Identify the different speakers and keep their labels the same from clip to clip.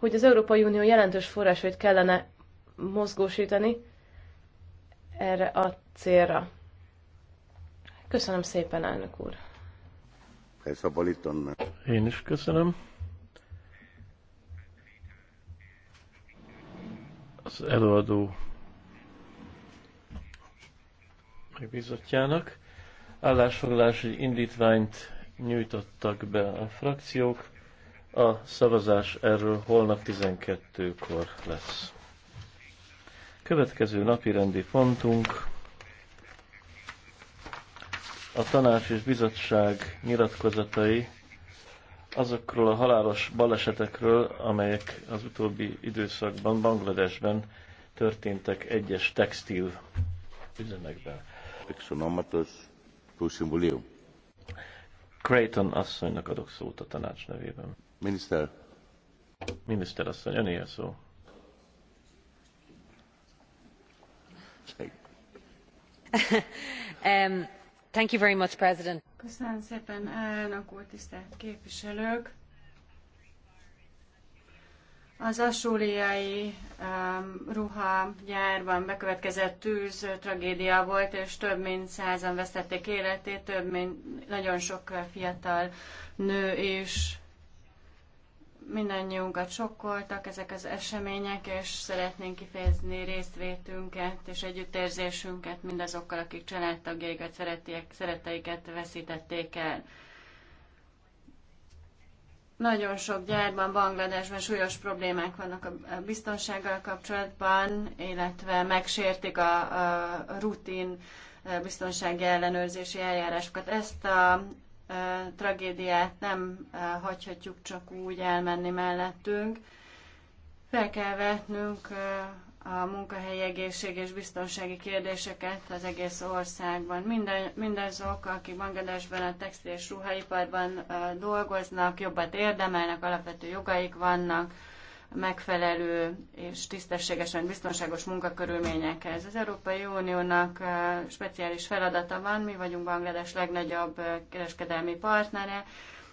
Speaker 1: hogy az Európai Unió jelentős forrásait kellene mozgósítani erre a célra. Köszönöm szépen, elnök úr.
Speaker 2: Én is köszönöm. Az előadó bizottjának állásfoglalási indítványt nyújtottak be a frakciók. A szavazás erről holnap 12-kor lesz. Következő napi rendi pontunk a tanács és bizottság nyilatkozatai azokról a halálos balesetekről, amelyek az utóbbi időszakban Bangladesben történtek egyes textil üzemekben. Creighton asszonynak adok szót a tanács nevében. Miniszter. Miniszter asszony, önél szó.
Speaker 3: um, thank you very much, President. Köszönöm szépen, elnök úr, tisztelt képviselők! Az asúliai um, gyárban bekövetkezett tűz tragédia volt, és több mint százan vesztették életét, több mint nagyon sok fiatal nő és mindannyiunkat sokkoltak ezek az események, és szeretnénk kifejezni részvétünket és együttérzésünket mindazokkal, akik családtagjaikat, szeretteiket veszítették el. Nagyon sok gyárban, Bangladesben súlyos problémák vannak a biztonsággal kapcsolatban, illetve megsértik a, a rutin eh, biztonsági ellenőrzési eljárásokat. Ezt a tragédiát nem hagyhatjuk csak úgy elmenni mellettünk. Fel kell vetnünk a munkahelyi egészség és biztonsági kérdéseket az egész országban. Minden, mindazok, akik Bangladesben a textil és ruhaiparban dolgoznak, jobbat érdemelnek, alapvető jogaik vannak, megfelelő és tisztességesen biztonságos munkakörülményekhez. Az Európai Uniónak eh, speciális feladata van, mi vagyunk Banglades legnagyobb eh, kereskedelmi partnere,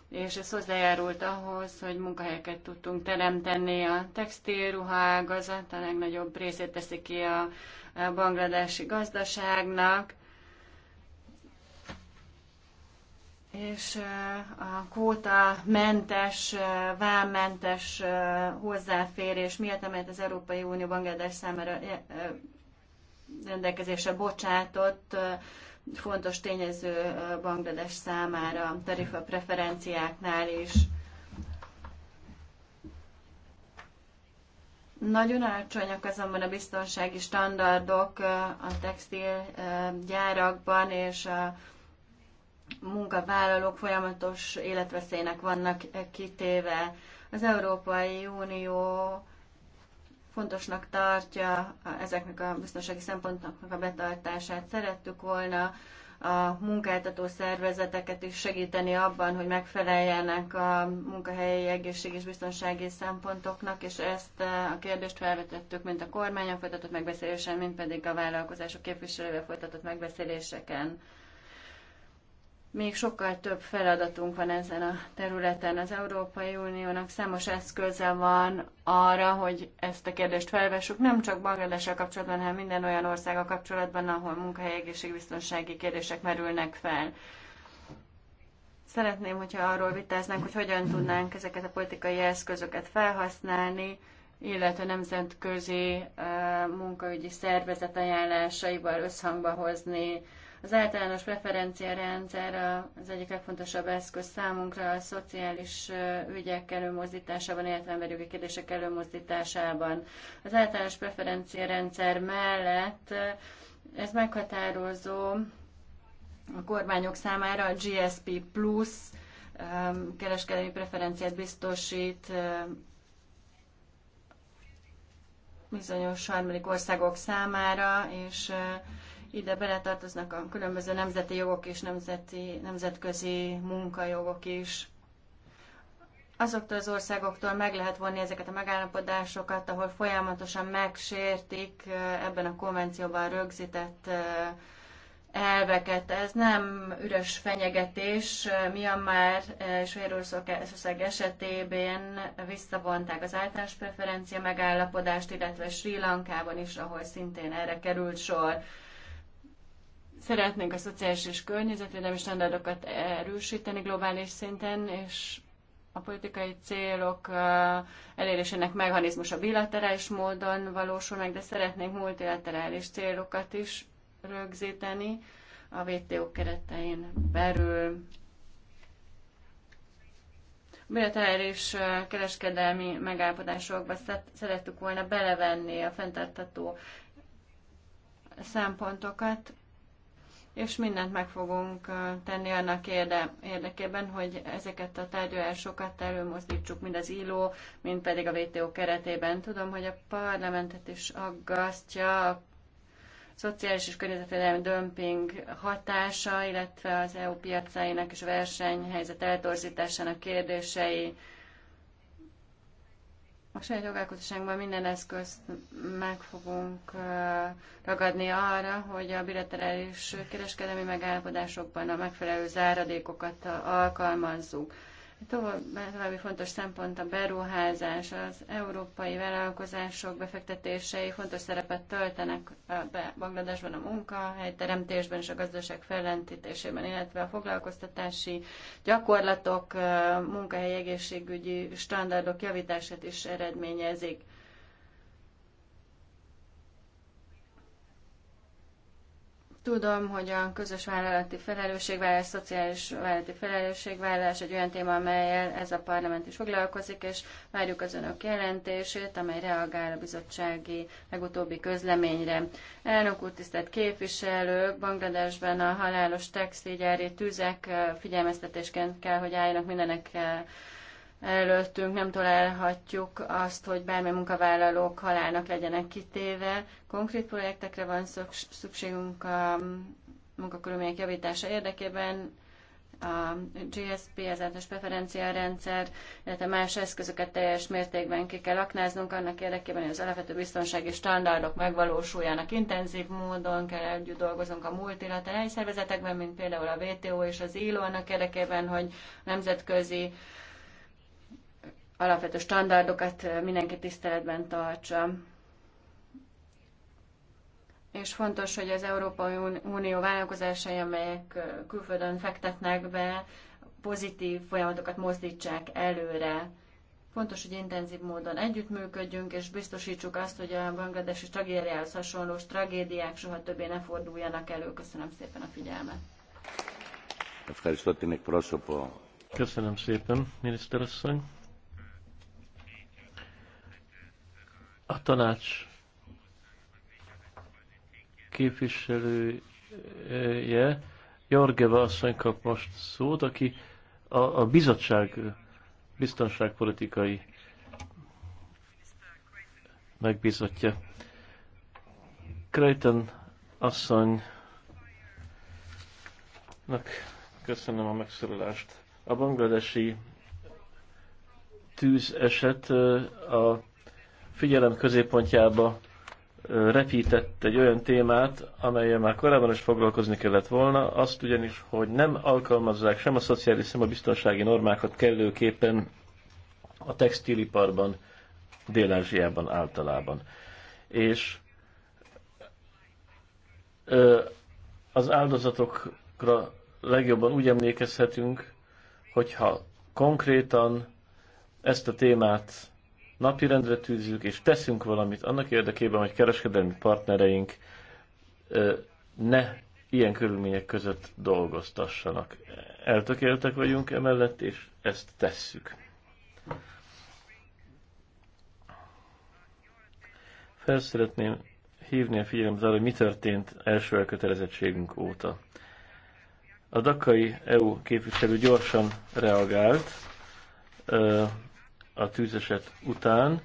Speaker 3: és ez hozzájárult ahhoz, hogy munkahelyeket tudtunk teremteni. A textilruhágazat a legnagyobb részét teszi ki a bangladesi gazdaságnak, és a kvóta mentes, vámmentes hozzáférés miatt, amelyet az Európai Unió Bangladesh számára rendelkezésre bocsátott, fontos tényező Banglades számára, tarifa preferenciáknál is. Nagyon alacsonyak azonban a biztonsági standardok a textilgyárakban és a munkavállalók folyamatos életveszélynek vannak e, kitéve. Az Európai Unió fontosnak tartja ezeknek a biztonsági szempontoknak a betartását. Szerettük volna a munkáltató szervezeteket is segíteni abban, hogy megfeleljenek a munkahelyi egészség és biztonsági szempontoknak, és ezt e, a kérdést felvetettük, mint a kormányon folytatott megbeszélésen, mint pedig a vállalkozások képviselővel folytatott megbeszéléseken. Még sokkal több feladatunk van ezen a területen. Az Európai Uniónak számos eszköze van arra, hogy ezt a kérdést felvessük, nem csak Bangladessel kapcsolatban, hanem minden olyan országa kapcsolatban, ahol munkahelyi egészségbiztonsági kérdések merülnek fel. Szeretném, hogyha arról vitáznánk, hogy hogyan tudnánk ezeket a politikai eszközöket felhasználni, illetve nemzetközi munkaügyi szervezet ajánlásaival összhangba hozni az általános preferenciarendszer az egyik legfontosabb eszköz számunkra a szociális ügyek előmozdításában, illetve jogi kérdések előmozdításában. Az általános preferenciarendszer mellett ez meghatározó a kormányok számára a GSP Plus kereskedelmi preferenciát biztosít bizonyos harmadik országok számára, és ide beletartoznak a különböző nemzeti jogok és nemzeti, nemzetközi munkajogok is. Azoktól az országoktól meg lehet vonni ezeket a megállapodásokat, ahol folyamatosan megsértik ebben a konvencióban rögzített elveket. Ez nem üres fenyegetés. Myanmar és Férország esetében visszavonták az általános preferencia megállapodást, illetve Sri Lankában is, ahol szintén erre került sor. Szeretnénk a szociális és környezetvédelmi standardokat erősíteni globális szinten, és a politikai célok elérésének a bilaterális módon valósul meg, de szeretnénk multilaterális célokat is rögzíteni a WTO keretein belül. A bilaterális kereskedelmi megállapodásokba szerettük volna belevenni a fenntartható szempontokat, és mindent meg fogunk tenni annak érde, érdekében, hogy ezeket a tárgyalásokat előmozdítsuk, mind az ILO, mind pedig a WTO keretében. Tudom, hogy a parlamentet is aggasztja a szociális és környezetvédelmi dömping hatása, illetve az EU piacainak és versenyhelyzet eltorzításának kérdései, a saját jogalkotásunkban minden eszközt meg fogunk ragadni arra, hogy a bilaterális kereskedelmi megállapodásokban a megfelelő záradékokat alkalmazzuk. További fontos szempont a beruházás, az európai vállalkozások befektetései fontos szerepet töltenek be Bangladesben a munkahelyteremtésben és a gazdaság fellentítésében, illetve a foglalkoztatási gyakorlatok, munkahelyi egészségügyi standardok javítását is eredményezik. Tudom, hogy a közös vállalati felelősségvállalás, szociális vállalati felelősségvállalás egy olyan téma, amelyel ez a parlament is foglalkozik, és várjuk az önök jelentését, amely reagál a bizottsági legutóbbi közleményre. Elnök úr, tisztelt képviselők, Bangladesben a halálos textilgyári tűzek figyelmeztetésként kell, hogy álljanak mindenek előttünk, nem tolerálhatjuk azt, hogy bármely munkavállalók halálnak legyenek kitéve. Konkrét projektekre van szükségünk a munkakörülmények javítása érdekében, a GSP, az általános rendszer, illetve más eszközöket teljes mértékben ki kell aknáznunk annak érdekében, hogy az alapvető biztonsági standardok megvalósuljanak intenzív módon, kell együtt dolgozunk a multilaterális szervezetekben, mint például a WTO és az ILO, annak érdekében, hogy nemzetközi uh, alapvető standardokat mindenki tiszteletben tartsa. És fontos, hogy az Európai Unió vállalkozásai, amelyek külföldön fektetnek be, pozitív folyamatokat mozdítsák előre. Fontos, hogy intenzív módon együttműködjünk, és biztosítsuk azt, hogy a bangladesi tragédiához hasonló tragédiák soha többé ne forduljanak elő. Köszönöm szépen a figyelmet.
Speaker 2: Köszönöm szépen, miniszterasszony. a tanács képviselője, Jorgeva asszony kap most szót, aki a, a bizottság biztonságpolitikai megbízottja. Creighton asszonynak köszönöm a megszólalást. A bangladesi eset a figyelem középpontjába repített egy olyan témát, amelyel már korábban is foglalkozni kellett volna, azt ugyanis, hogy nem alkalmazzák sem a szociális, sem a biztonsági normákat kellőképpen a textiliparban, Dél-Ázsiában általában. És az áldozatokra legjobban úgy emlékezhetünk, hogyha konkrétan ezt a témát napirendre tűzzük, és teszünk valamit annak érdekében, hogy kereskedelmi partnereink ne ilyen körülmények között dolgoztassanak. Eltökéltek vagyunk emellett, és ezt tesszük. Fel szeretném hívni a figyelmet arra, hogy mi történt első elkötelezettségünk óta. A dakai EU képviselő gyorsan reagált, a tűzeset után,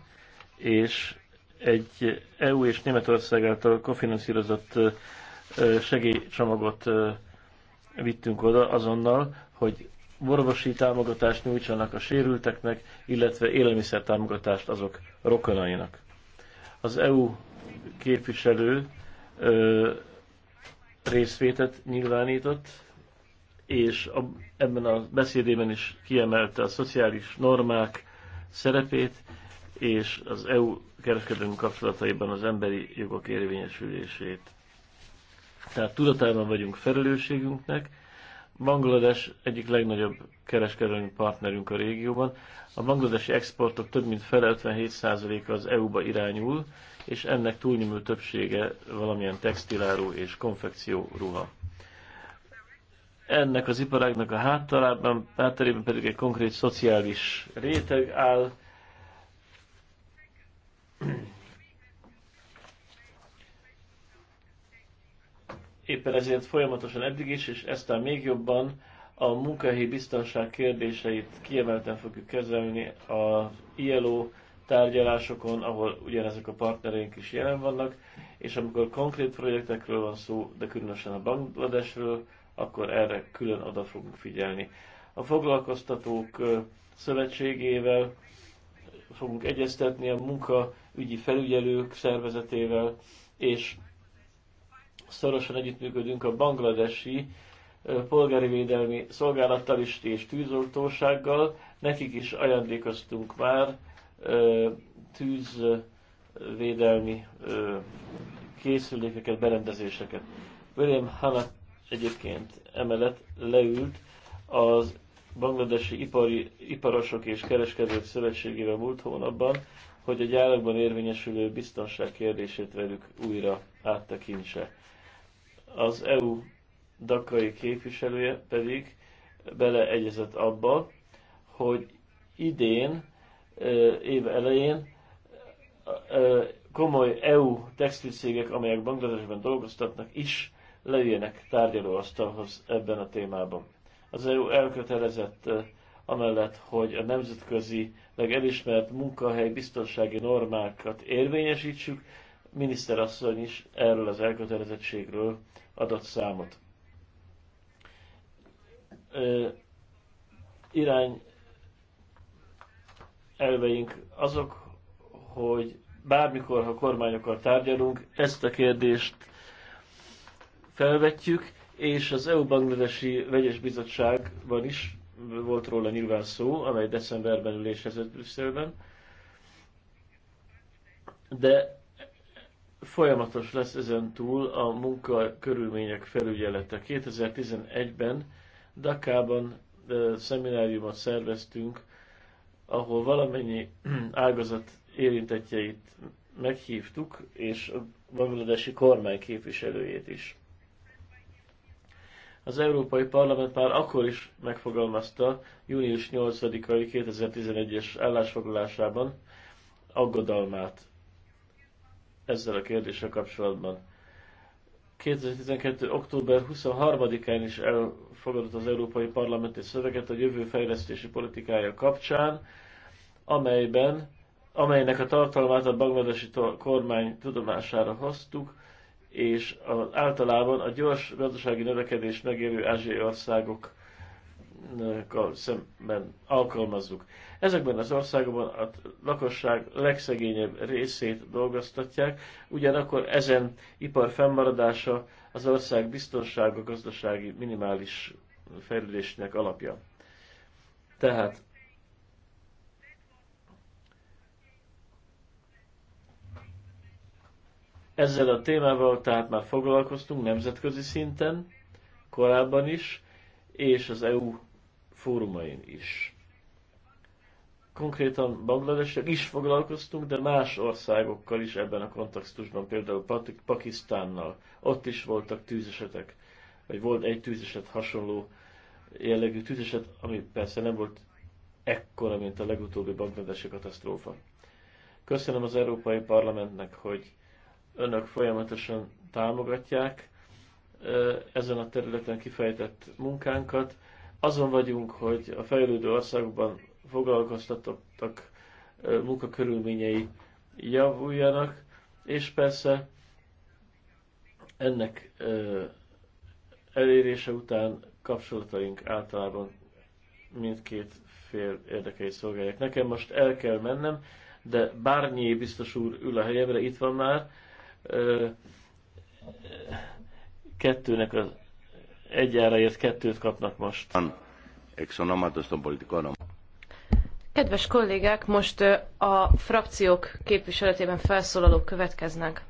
Speaker 2: és egy EU és Németország által kofinanszírozott segélycsomagot vittünk oda azonnal, hogy orvosi támogatást nyújtsanak a sérülteknek, illetve élelmiszer támogatást azok rokonainak. Az EU képviselő ö, részvétet nyilvánított, és a, ebben a beszédében is kiemelte a szociális normák, szerepét, és az EU kereskedelmi kapcsolataiban az emberi jogok érvényesülését. Tehát tudatában vagyunk felelősségünknek. Banglades egyik legnagyobb kereskedelmi partnerünk a régióban. A bangladesi exportok több mint fele 57%-a az EU-ba irányul, és ennek túlnyomó többsége valamilyen textiláró és konfekció ruha ennek az iparágnak a háttalában, hátterében pedig egy konkrét szociális réteg áll. Éppen ezért folyamatosan eddig is, és eztán még jobban a munkahelyi biztonság kérdéseit kiemelten fogjuk kezelni a ILO tárgyalásokon, ahol ugyanezek a partnereink is jelen vannak, és amikor konkrét projektekről van szó, de különösen a Bangladesről, akkor erre külön oda fogunk figyelni. A foglalkoztatók szövetségével fogunk egyeztetni a munkaügyi felügyelők szervezetével, és szorosan együttműködünk a bangladesi polgári védelmi szolgálattal is és tűzoltósággal. Nekik is ajándékoztunk már tűzvédelmi készülékeket, berendezéseket. William Hanna egyébként emellett leült az Bangladesi Ipari, Iparosok és Kereskedők Szövetségével múlt hónapban, hogy a gyárakban érvényesülő biztonság kérdését velük újra áttekintse. Az EU dakai képviselője pedig beleegyezett abba, hogy idén, év elején komoly EU textilcégek, amelyek Bangladesben dolgoztatnak, is leüljenek tárgyalóasztalhoz ebben a témában. Az EU elkötelezett eh, amellett, hogy a nemzetközi elismert munkahely biztonsági normákat érvényesítsük, miniszterasszony is erről az elkötelezettségről adott számot. Eh, irány elveink azok, hogy bármikor, ha kormányokkal tárgyalunk, ezt a kérdést felvetjük, és az EU-Bangladesi Vegyes Bizottságban is volt róla nyilván szó, amely decemberben ülésezett Brüsszelben, de folyamatos lesz ezen túl a munka felügyelete. 2011-ben Dakában szemináriumot szerveztünk, ahol valamennyi ágazat érintetjeit meghívtuk, és a bangladesi kormány képviselőjét is. Az Európai Parlament már akkor is megfogalmazta június 8-ai 2011-es állásfoglalásában aggodalmát ezzel a kérdéssel kapcsolatban. 2012. október 23-án is elfogadott az Európai Parlament egy szöveget a jövő fejlesztési politikája kapcsán, amelyben, amelynek a tartalmát a bangladesi kormány tudomására hoztuk, és az általában a gyors gazdasági növekedés megérő ázsiai országok szemben alkalmazzuk. Ezekben az országokban a lakosság legszegényebb részét dolgoztatják, ugyanakkor ezen ipar fennmaradása az ország biztonsága gazdasági minimális fejlődésnek alapja. Tehát Ezzel a témával tehát már foglalkoztunk nemzetközi szinten, korábban is, és az EU fórumain is. Konkrétan Bangladesek is foglalkoztunk, de más országokkal is ebben a kontextusban, például Pakisztánnal. Ott is voltak tűzesetek, vagy volt egy tűzeset hasonló jellegű tűzeset, ami persze nem volt ekkora, mint a legutóbbi bangladesi katasztrófa. Köszönöm az Európai Parlamentnek, hogy önök folyamatosan támogatják ezen a területen kifejtett munkánkat. Azon vagyunk, hogy a fejlődő országokban foglalkoztatottak munkakörülményei javuljanak, és persze ennek elérése után kapcsolataink általában mindkét fél érdekeit szolgálják. Nekem most el kell mennem, de bárnyi biztos úr ül a helyemre, itt van már, kettőnek az egyáraért kettőt kapnak most.
Speaker 1: Kedves kollégák, most a frakciók képviseletében felszólalók következnek.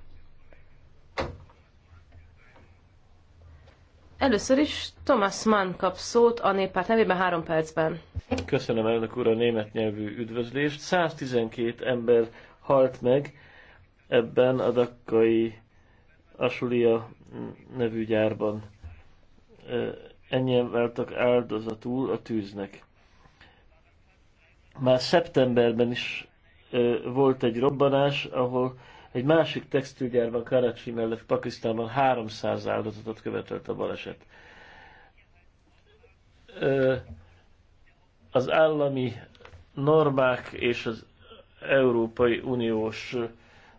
Speaker 1: Először is Thomas Mann kap szót a néppárt nevében három
Speaker 2: percben. Köszönöm elnök úr a német nyelvű üdvözlést. 112 ember halt meg ebben a dakkai Asulia nevű gyárban. Ennyien váltak áldozatul a tűznek. Már szeptemberben is volt egy robbanás, ahol egy másik textilgyárban, Karachi mellett Pakisztánban 300 áldozatot követelt a baleset. Az állami normák és az Európai Uniós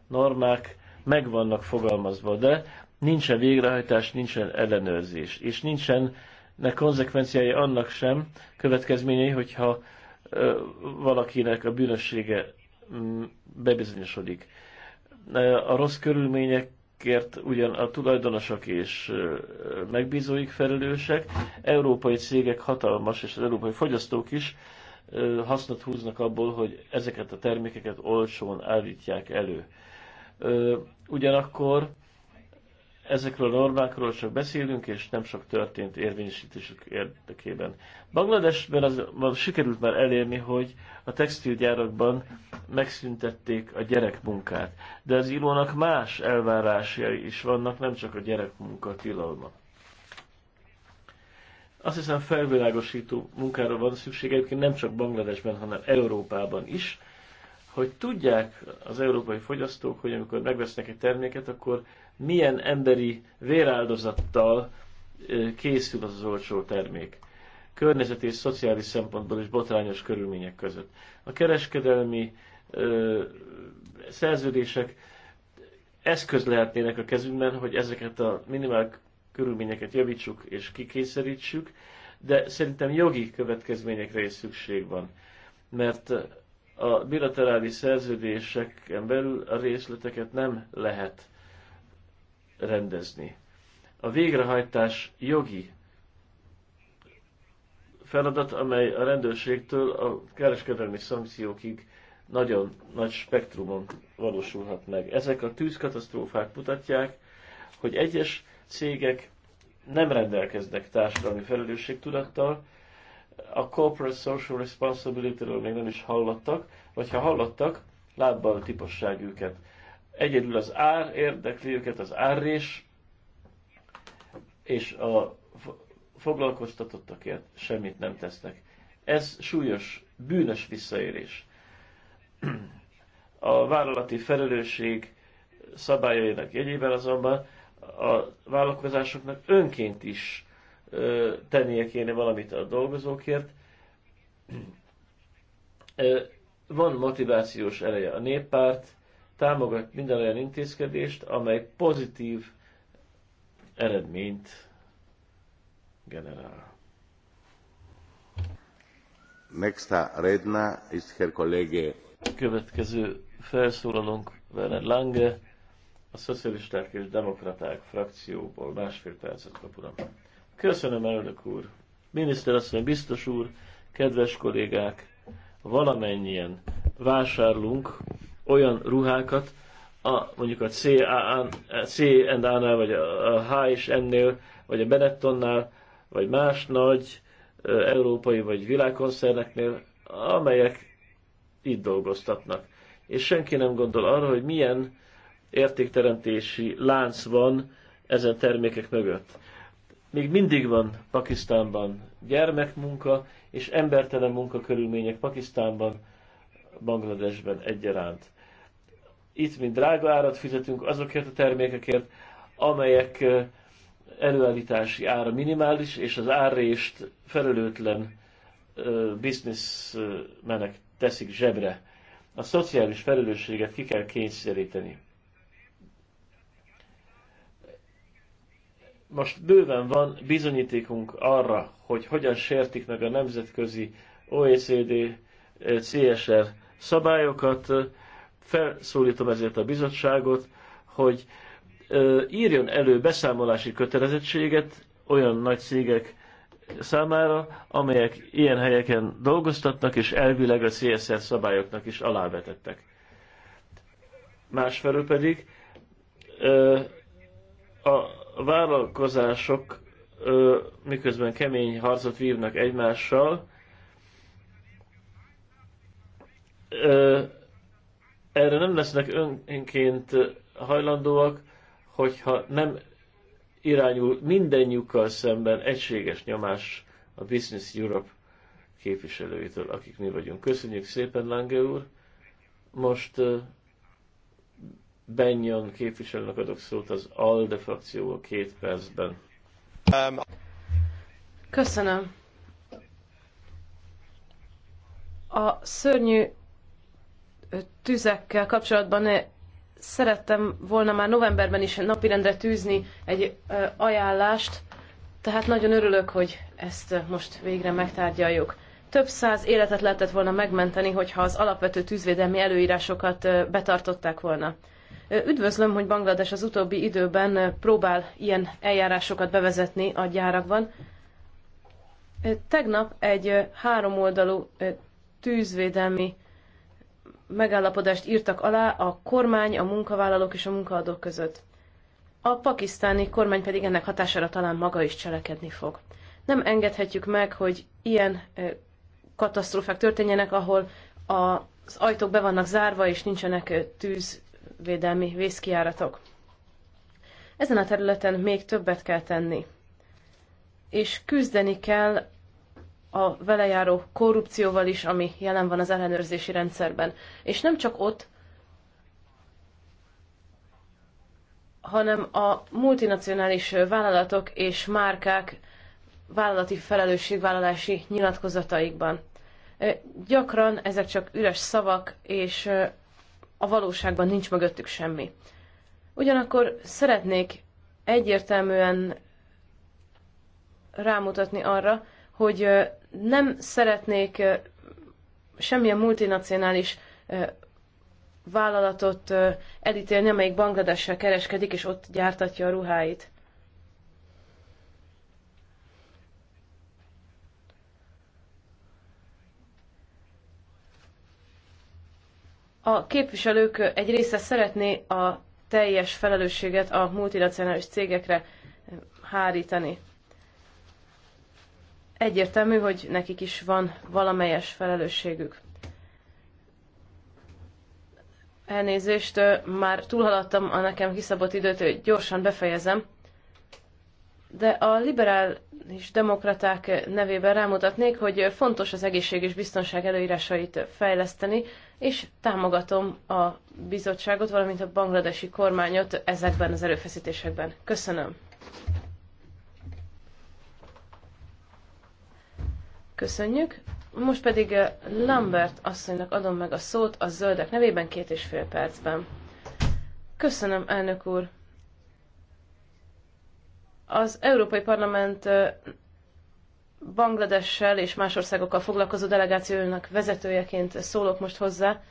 Speaker 2: normák meg vannak fogalmazva, de nincsen végrehajtás, nincsen ellenőrzés, és nincsen ne konzekvenciái annak sem következményei, hogyha ö, valakinek a bűnössége mm, bebizonyosodik. A rossz körülményekért ugyan a tulajdonosok és megbízóik felelősek, európai cégek hatalmas, és az európai fogyasztók is hasznot húznak abból, hogy ezeket a termékeket olcsón állítják elő Ugyanakkor ezekről a normákról csak beszélünk, és nem sok történt érvényesítésük érdekében. Bangladesben az, az sikerült már elérni, hogy a textilgyárakban megszüntették a gyerekmunkát. De az írónak más elvárásai is vannak, nem csak a gyerekmunka tilalma. Azt hiszem felvilágosító munkára van szükség, egyébként nem csak Bangladesben, hanem Európában is hogy tudják az európai fogyasztók, hogy amikor megvesznek egy terméket, akkor milyen emberi véráldozattal készül az, az olcsó termék. Környezeti és szociális szempontból is botrányos körülmények között. A kereskedelmi ö, szerződések eszköz lehetnének a kezünkben, hogy ezeket a minimál körülményeket javítsuk és kikényszerítsük, de szerintem jogi következményekre is szükség van. Mert a bilaterális szerződéseken belül a részleteket nem lehet rendezni. A végrehajtás jogi feladat, amely a rendőrségtől a kereskedelmi szankciókig nagyon nagy spektrumon valósulhat meg. Ezek a tűzkatasztrófák mutatják, hogy egyes cégek nem rendelkeznek társadalmi felelősségtudattal, a corporate social responsibility-ről még nem is hallottak, vagy ha hallottak, lábbal tiposság őket. Egyedül az ár érdekli őket, az árrés, és a foglalkoztatottakért semmit nem tesznek. Ez súlyos, bűnös visszaérés. A vállalati felelősség szabályainak jegyében azonban a vállalkozásoknak önként is tennie kéne valamit a dolgozókért. Van motivációs ereje. A néppárt támogat minden olyan intézkedést, amely pozitív eredményt generál. Next redna is her kollége. Következő felszólalónk Werner Lange, a Szocialisták és Demokraták frakcióból másfél percet kap, uram. Köszönöm, elnök úr. Miniszter asszony, biztos úr, kedves kollégák, valamennyien vásárlunk olyan ruhákat, a, mondjuk a C&A-nál, vagy a H és ennél nél vagy a Benettonnál, vagy más nagy európai vagy világkoncerneknél, amelyek itt dolgoztatnak. És senki nem gondol arra, hogy milyen értékteremtési lánc van ezen termékek mögött. Még mindig van Pakisztánban gyermekmunka és embertelen munkakörülmények Pakisztánban, Bangladesben egyaránt. Itt mi drága árat fizetünk azokért a termékekért, amelyek előállítási ára minimális, és az árrést felelőtlen bizniszmenek teszik zsebre. A szociális felelősséget ki kell kényszeríteni. Most bőven van bizonyítékunk arra, hogy hogyan sértik meg a nemzetközi OECD, eh, CSR szabályokat. Felszólítom ezért a bizottságot, hogy eh, írjon elő beszámolási kötelezettséget olyan nagy cégek számára, amelyek ilyen helyeken dolgoztatnak, és elvileg a CSR szabályoknak is alávetettek. Másfelől pedig eh, a vállalkozások ö, miközben kemény harcot vívnak egymással, erre nem lesznek önként hajlandóak, hogyha nem irányul mindennyukkal szemben egységes nyomás a Business Europe képviselőitől, akik mi vagyunk. Köszönjük szépen, Lange úr! Most Benyon képviselőnek adok szót az ALDE a két percben. Um,
Speaker 1: Köszönöm. A szörnyű tüzekkel kapcsolatban szerettem volna már novemberben is napirendre tűzni egy ajánlást, tehát nagyon örülök, hogy ezt most végre megtárgyaljuk. Több száz életet lehetett volna megmenteni, hogyha az alapvető tűzvédelmi előírásokat betartották volna. Üdvözlöm, hogy Banglades az utóbbi időben próbál ilyen eljárásokat bevezetni a gyárakban. Tegnap egy háromoldalú tűzvédelmi megállapodást írtak alá a kormány, a munkavállalók és a munkaadók között. A pakisztáni kormány pedig ennek hatására talán maga is cselekedni fog. Nem engedhetjük meg, hogy ilyen katasztrófák történjenek, ahol az ajtók be vannak zárva, és nincsenek tűz védelmi vészkiáratok. Ezen a területen még többet kell tenni, és küzdeni kell a velejáró korrupcióval is, ami jelen van az ellenőrzési rendszerben. És nem csak ott, hanem a multinacionális vállalatok és márkák vállalati felelősségvállalási nyilatkozataikban. Gyakran ezek csak üres szavak, és a valóságban nincs mögöttük semmi. Ugyanakkor szeretnék egyértelműen rámutatni arra, hogy nem szeretnék semmilyen multinacionális vállalatot elítélni, amelyik Bangladessel kereskedik, és ott gyártatja a ruháit. A képviselők egy része szeretné a teljes felelősséget a multinacionális cégekre hárítani. Egyértelmű, hogy nekik is van valamelyes felelősségük. Elnézést, már túlhaladtam a nekem kiszabott időt, hogy gyorsan befejezem. De a liberális demokraták nevében rámutatnék, hogy fontos az egészség és biztonság előírásait fejleszteni, és támogatom a bizottságot, valamint a bangladesi kormányot ezekben az erőfeszítésekben. Köszönöm. Köszönjük. Most pedig eh, Lambert asszonynak adom meg a szót a zöldek nevében két és fél percben. Köszönöm, elnök úr. Az Európai Parlament eh, Bangladessel és más országokkal foglalkozó delegációnak vezetőjeként szólok most hozzá,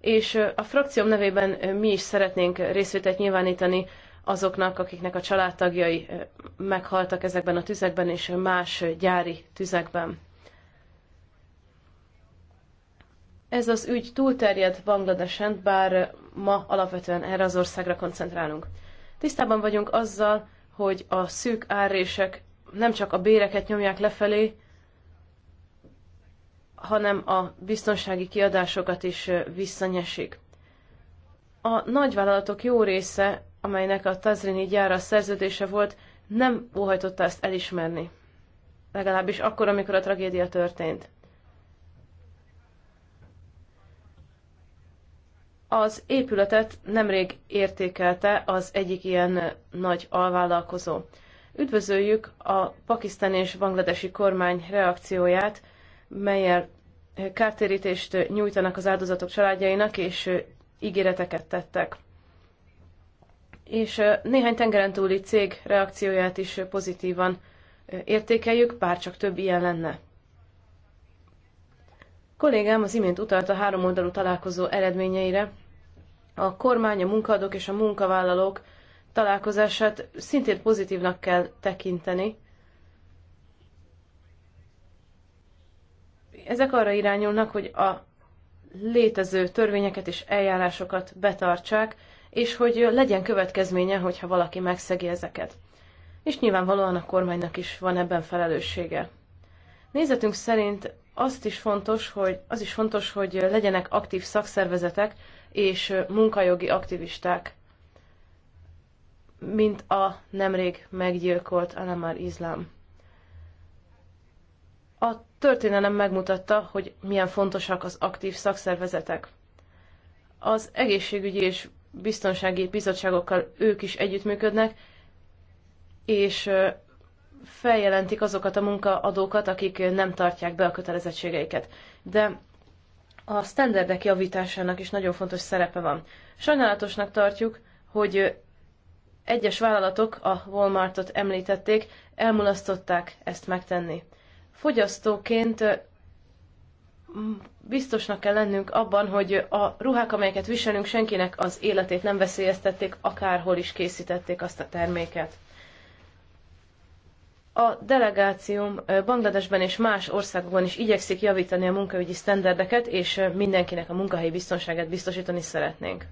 Speaker 1: és a frakcióm nevében mi is szeretnénk részvételt nyilvánítani azoknak, akiknek a családtagjai meghaltak ezekben a tüzekben és más gyári tüzekben. Ez az ügy túlterjed Bangladesen, bár ma alapvetően erre az országra koncentrálunk. Tisztában vagyunk azzal, hogy a szűk árrések nem csak a béreket nyomják lefelé, hanem a biztonsági kiadásokat is visszanyesik. A nagyvállalatok jó része, amelynek a Tazrini gyára szerződése volt, nem óhajtotta ezt elismerni. Legalábbis akkor, amikor a tragédia történt. Az épületet nemrég értékelte az egyik ilyen nagy alvállalkozó. Üdvözöljük a pakisztáni és bangladesi kormány reakcióját, melyel kártérítést nyújtanak az áldozatok családjainak, és ígéreteket tettek. És néhány tengeren túli cég reakcióját is pozitívan értékeljük, bár csak több ilyen lenne. Kollégám az imént utalt a három oldalú találkozó eredményeire. A kormány, a munkadók és a munkavállalók találkozását szintén pozitívnak kell tekinteni. Ezek arra irányulnak, hogy a létező törvényeket és eljárásokat betartsák, és hogy legyen következménye, hogyha valaki megszegi ezeket. És nyilvánvalóan a kormánynak is van ebben felelőssége. Nézetünk szerint azt is fontos, hogy, az is fontos, hogy legyenek aktív szakszervezetek és munkajogi aktivisták mint a nemrég meggyilkolt Anamar Izlám. A történelem megmutatta, hogy milyen fontosak az aktív szakszervezetek. Az egészségügyi és biztonsági bizottságokkal ők is együttműködnek, és feljelentik azokat a munkaadókat, akik nem tartják be a kötelezettségeiket. De a standardek javításának is nagyon fontos szerepe van. Sajnálatosnak tartjuk, hogy egyes vállalatok, a Walmartot említették, elmulasztották ezt megtenni. Fogyasztóként biztosnak kell lennünk abban, hogy a ruhák, amelyeket viselünk, senkinek az életét nem veszélyeztették, akárhol is készítették azt a terméket. A delegációm Bangladesben és más országokban is igyekszik javítani a munkaügyi sztenderdeket, és mindenkinek a munkahelyi biztonságát biztosítani szeretnénk.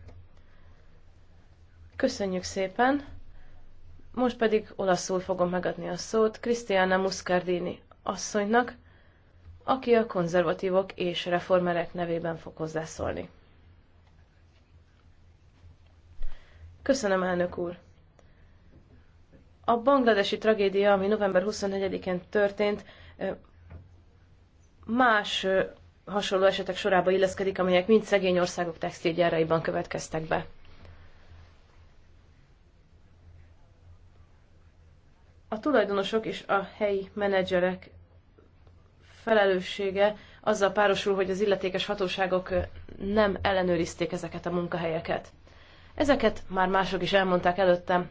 Speaker 1: Köszönjük szépen! Most pedig olaszul fogom megadni a szót Krisztiána Muscardini asszonynak, aki a konzervatívok és reformerek nevében fog hozzászólni. Köszönöm, elnök úr! A bangladesi tragédia, ami november 24-én történt, más hasonló esetek sorába illeszkedik, amelyek mind szegény országok textilgyáraiban következtek be. A tulajdonosok és a helyi menedzserek felelőssége azzal párosul, hogy az illetékes hatóságok nem ellenőrizték ezeket a munkahelyeket. Ezeket már mások is elmondták előttem,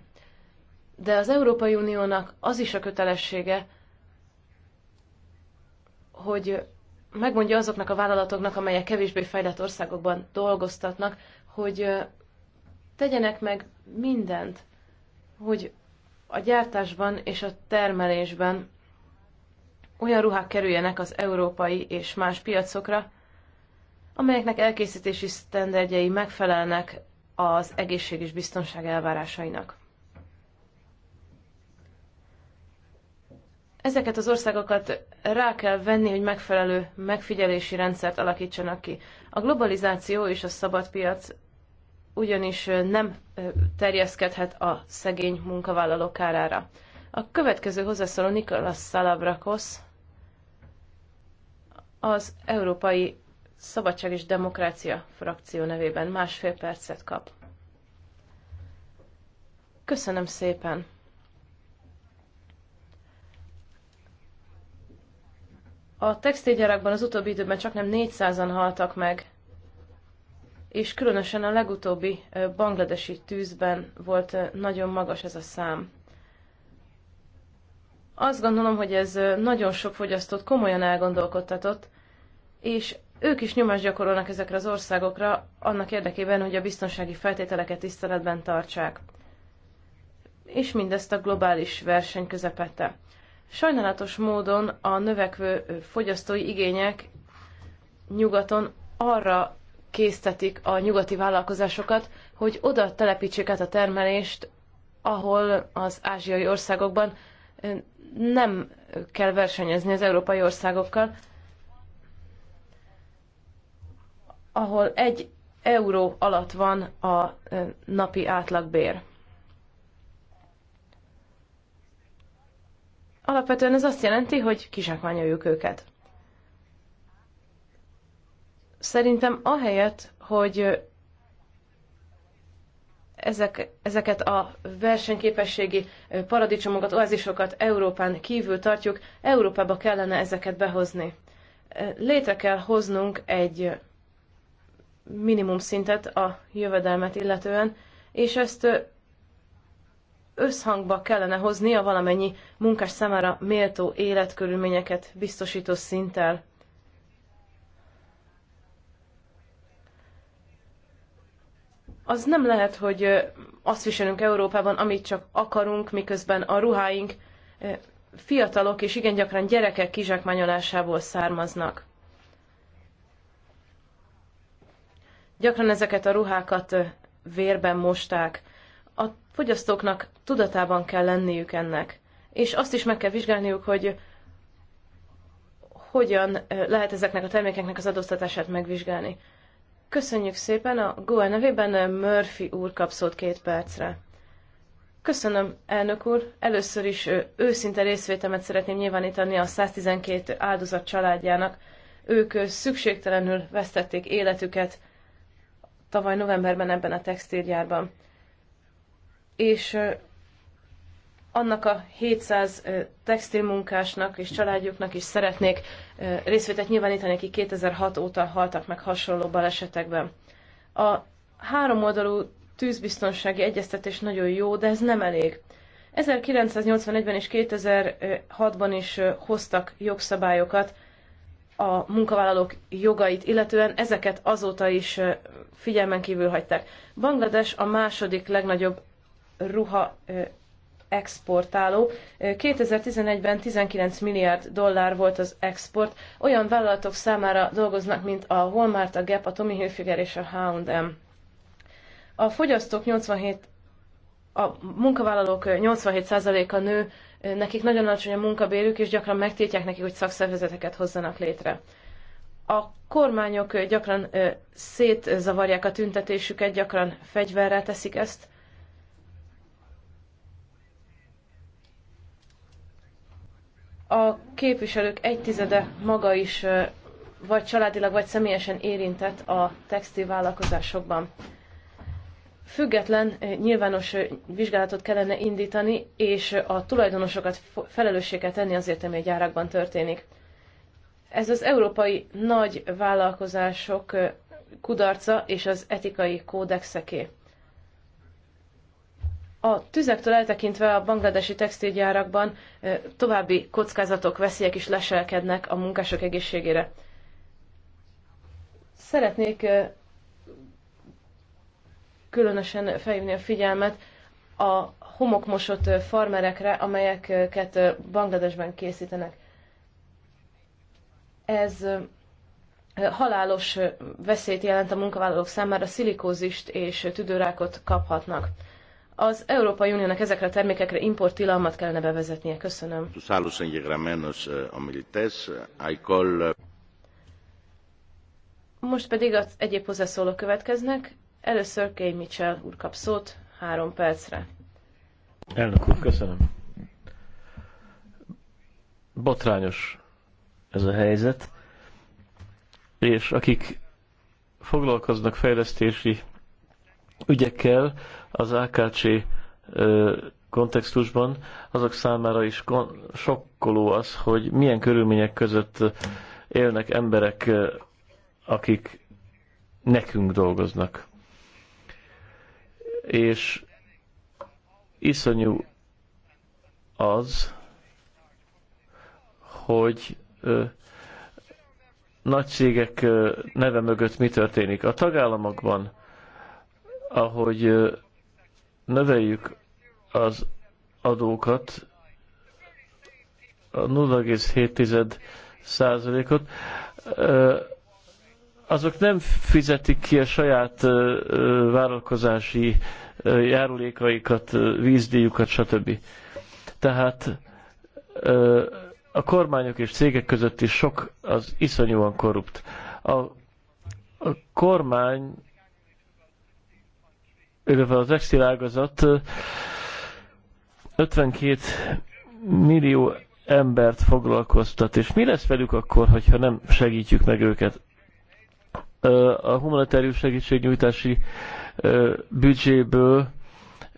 Speaker 1: de az Európai Uniónak az is a kötelessége, hogy megmondja azoknak a vállalatoknak, amelyek kevésbé fejlett országokban dolgoztatnak, hogy tegyenek meg mindent, hogy a gyártásban és a termelésben olyan ruhák kerüljenek az európai és más piacokra, amelyeknek elkészítési sztenderdjei megfelelnek az egészség és biztonság elvárásainak. Ezeket az országokat rá kell venni, hogy megfelelő megfigyelési rendszert alakítsanak ki. A globalizáció és a szabad piac ugyanis nem terjeszkedhet a szegény munkavállalók árára. A következő hozzászóló Nikolas Szalabrakosz, az Európai Szabadság és Demokrácia frakció nevében másfél percet kap. Köszönöm szépen! A textilgyárakban az utóbbi időben csak nem 400-an haltak meg és különösen a legutóbbi bangladesi tűzben volt nagyon magas ez a szám. Azt gondolom, hogy ez nagyon sok fogyasztót komolyan elgondolkodtatott, és ők is nyomást gyakorolnak ezekre az országokra annak érdekében, hogy a biztonsági feltételeket tiszteletben tartsák. És mindezt a globális verseny közepette. Sajnálatos módon a növekvő fogyasztói igények nyugaton arra késztetik a nyugati vállalkozásokat, hogy oda telepítsék át a termelést, ahol az ázsiai országokban nem kell versenyezni az európai országokkal, ahol egy euró alatt van a napi átlagbér. Alapvetően ez azt jelenti, hogy kizsákmányoljuk őket. Szerintem ahelyett, hogy ezek, ezeket a versenyképességi paradicsomokat, oázisokat Európán kívül tartjuk, Európába kellene ezeket behozni. Létre kell hoznunk egy minimum szintet a jövedelmet illetően, és ezt összhangba kellene hozni a valamennyi munkás számára méltó életkörülményeket biztosító szinttel. az nem lehet, hogy azt viselünk Európában, amit csak akarunk, miközben a ruháink fiatalok és igen gyakran gyerekek kizsákmányolásából származnak. Gyakran ezeket a ruhákat vérben mosták. A fogyasztóknak tudatában kell lenniük ennek. És azt is meg kell vizsgálniuk, hogy hogyan lehet ezeknek a termékeknek az adóztatását megvizsgálni. Köszönjük szépen a GOE nevében eh, Murphy úr kapszott két percre. Köszönöm, elnök úr. Először is eh, őszinte részvétemet szeretném nyilvánítani a 112 áldozat családjának. Ők eh, szükségtelenül vesztették életüket tavaly novemberben ebben a textilgyárban. És annak a 700 textilmunkásnak és családjuknak is szeretnék részvételt nyilvánítani, akik 2006 óta haltak meg hasonló balesetekben. A háromoldalú tűzbiztonsági egyeztetés nagyon jó, de ez nem elég. 1981-ben és 2006-ban is hoztak jogszabályokat a munkavállalók jogait, illetően ezeket azóta is figyelmen kívül hagyták. Banglades a második legnagyobb ruha exportáló. 2011-ben 19 milliárd dollár volt az export. Olyan vállalatok számára dolgoznak, mint a Walmart, a Gap, a Tommy Hilfiger és a H&M. A fogyasztók 87 a munkavállalók 87%-a nő, nekik nagyon alacsony a munkabérük, és gyakran megtiltják nekik, hogy szakszervezeteket hozzanak létre. A kormányok gyakran szétzavarják a tüntetésüket, gyakran fegyverrel teszik ezt, a képviselők egy tizede maga is vagy családilag, vagy személyesen érintett a vállalkozásokban. Független nyilvános vizsgálatot kellene indítani, és a tulajdonosokat felelősséget tenni azért, ami a gyárakban történik. Ez az európai nagy vállalkozások kudarca és az etikai kódexeké. A tüzektől eltekintve a bangladesi textilgyárakban további kockázatok, veszélyek is leselkednek a munkások egészségére. Szeretnék különösen felhívni a figyelmet a homokmosott farmerekre, amelyeket Bangladesben készítenek. Ez halálos veszélyt jelent a munkavállalók számára, szilikózist és tüdőrákot kaphatnak az Európai Uniónak ezekre a termékekre tilalmat kellene bevezetnie. Köszönöm.
Speaker 4: Eh, eh,
Speaker 1: Most pedig az egyéb hozzászólók következnek. Először Gay Mitchell úr kap szót három percre.
Speaker 2: Elnök úr, köszönöm. Botrányos ez a helyzet, és akik foglalkoznak fejlesztési ügyekkel az AKC kontextusban azok számára is sokkoló az, hogy milyen körülmények között élnek emberek, akik nekünk dolgoznak. És iszonyú az, hogy nagy cégek neve mögött mi történik. A tagállamokban ahogy növeljük az adókat, a 0,7 százalékot, azok nem fizetik ki a saját vállalkozási járulékaikat, vízdíjukat, stb. Tehát a kormányok és cégek között is sok az iszonyúan korrupt. A, a kormány illetve az textilágazat 52 millió embert foglalkoztat, és mi lesz velük akkor, hogyha nem segítjük meg őket? A humanitárius segítségnyújtási büdzséből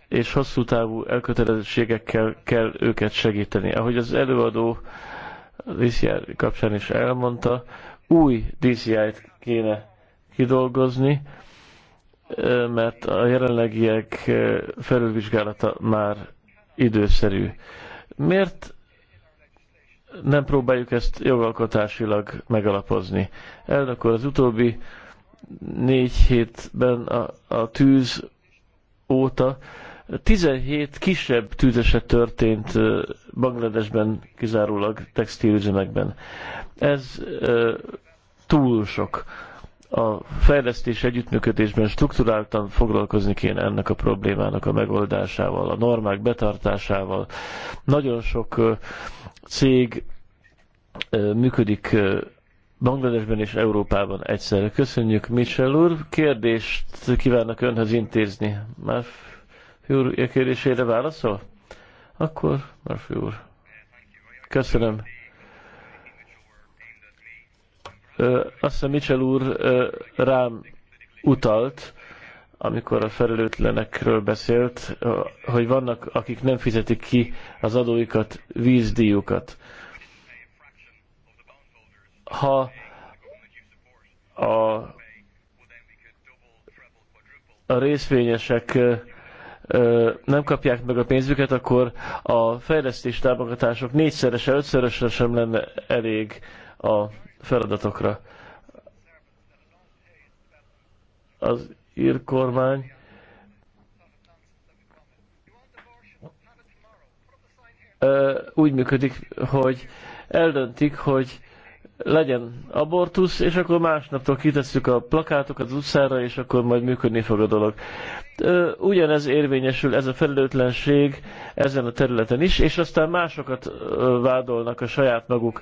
Speaker 2: és hosszú távú elkötelezettségekkel kell őket segíteni. Ahogy az előadó DCI kapcsán is elmondta, új DCI-t kéne kidolgozni, mert a jelenlegiek felülvizsgálata már időszerű. Miért nem próbáljuk ezt jogalkotásilag megalapozni? Elnök az utóbbi négy hétben a, a tűz óta 17 kisebb tűzeset történt Bangladesben, kizárólag textilüzemekben. Ez túl sok a fejlesztés együttműködésben strukturáltan foglalkozni kéne ennek a problémának a megoldásával, a normák betartásával. Nagyon sok cég működik Bangladesben és Európában egyszerre. Köszönjük, Michel úr. Kérdést kívánok önhöz intézni. Már úr e kérdésére válaszol? Akkor Murphy úr. Köszönöm. Azt hiszem Mitchell úr rám utalt, amikor a felelőtlenekről beszélt, hogy vannak, akik nem fizetik ki az adóikat, vízdíjukat. Ha a, a részvényesek nem kapják meg a pénzüket, akkor a fejlesztés támogatások négyszerese, ötszörösre sem lenne elég a feladatokra. Az ír kormány úgy működik, hogy eldöntik, hogy legyen abortusz, és akkor másnaptól kitesszük a plakátokat az utcára, és akkor majd működni fog a dolog. Ugyanez érvényesül ez a felelőtlenség ezen a területen is, és aztán másokat vádolnak a saját maguk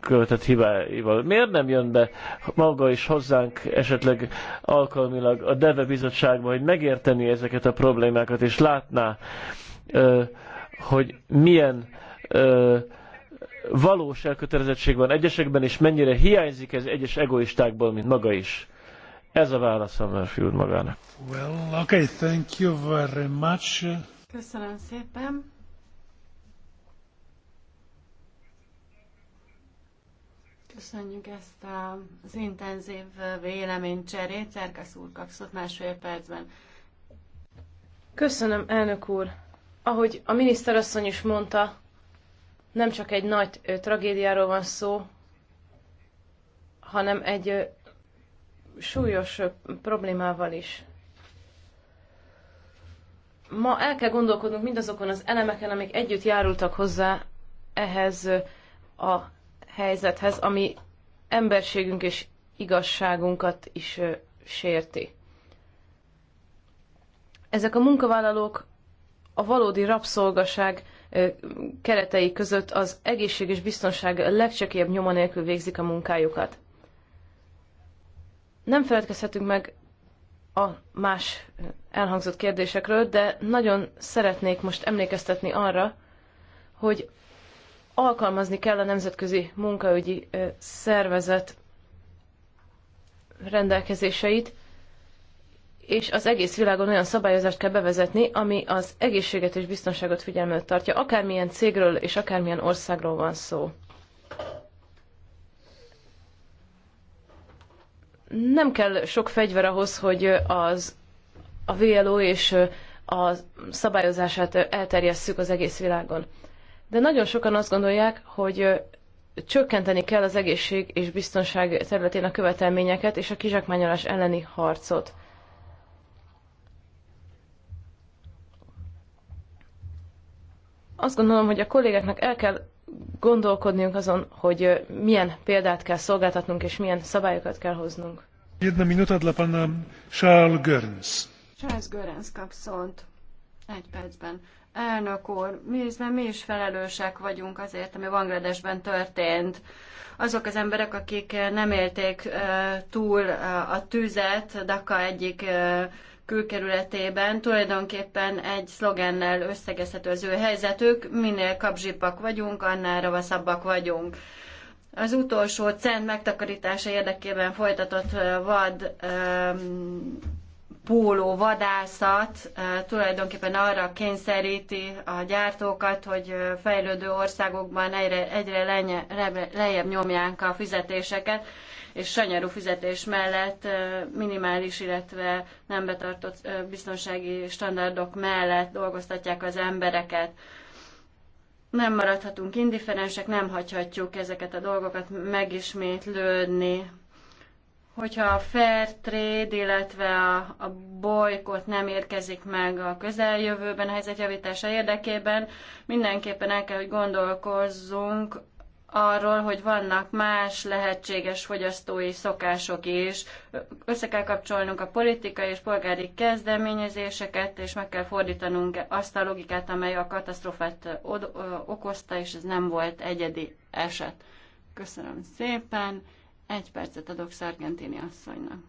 Speaker 2: követett hibáival. Miért nem jön be maga is hozzánk esetleg alkalmilag a DEVE bizottságba, hogy megérteni ezeket a problémákat, és látná, hogy milyen valós elkötelezettség van egyesekben, és mennyire hiányzik ez egyes egoistákból, mint maga is. Ez a válaszom Murphy úr magának.
Speaker 4: Well, okay, thank you very much.
Speaker 3: Köszönöm szépen. Köszönjük ezt a, az intenzív véleménycserét. Szerkesz úr kapszott másfél percben.
Speaker 1: Köszönöm, elnök úr. Ahogy a miniszterasszony is mondta, nem csak egy nagy ö, tragédiáról van szó, hanem egy ö, súlyos ö, problémával is. Ma el kell gondolkodnunk mindazokon az elemeken, amik együtt járultak hozzá ehhez a helyzethez, ami emberségünk és igazságunkat is sérti. Ezek a munkavállalók a valódi rabszolgaság keretei között az egészség és biztonság legcsekélyebb nyoma nélkül végzik a munkájukat. Nem feledkezhetünk meg a más elhangzott kérdésekről, de nagyon szeretnék most emlékeztetni arra, hogy alkalmazni kell a Nemzetközi Munkaügyi Szervezet rendelkezéseit, és az egész világon olyan szabályozást kell bevezetni, ami az egészséget és biztonságot figyelmet tartja, akármilyen cégről és akármilyen országról van szó. Nem kell sok fegyver ahhoz, hogy az a VLO és a szabályozását elterjesszük az egész világon. De nagyon sokan azt gondolják, hogy csökkenteni kell az egészség és biztonság területén a követelményeket és a kizsákmányolás elleni harcot. Azt gondolom, hogy a kollégáknak el kell gondolkodniunk azon, hogy milyen példát kell szolgáltatnunk és milyen szabályokat kell hoznunk.
Speaker 4: Jedna minuta dla pana Charles Görens.
Speaker 3: Charles Görens kapszont. Egy percben. Elnök úr, mert mi is felelősek vagyunk azért, ami Bangladesben történt. Azok az emberek, akik eh, nem élték eh, túl eh, a tüzet, Daka egyik külkerületében tulajdonképpen egy szlogennel összegezhető az ő helyzetük, minél kapzsipak vagyunk, annál ravaszabbak vagyunk. Az utolsó cent megtakarítása érdekében folytatott vad póló vadászat tulajdonképpen arra kényszeríti a gyártókat, hogy fejlődő országokban egyre, egyre lejjebb nyomják a fizetéseket, és sanyarú fizetés mellett minimális, illetve nem betartott biztonsági standardok mellett dolgoztatják az embereket. Nem maradhatunk indiferensek, nem hagyhatjuk ezeket a dolgokat megismétlődni hogyha a fair trade, illetve a, a bolykot nem érkezik meg a közeljövőben a helyzetjavítása érdekében, mindenképpen el kell, hogy gondolkozzunk arról, hogy vannak más lehetséges fogyasztói szokások is. Össze kell kapcsolnunk a politikai és polgári kezdeményezéseket, és meg kell fordítanunk azt a logikát, amely a katasztrofát okozta, és ez nem volt egyedi eset. Köszönöm szépen! Egy percet adok Szargentini asszonynak.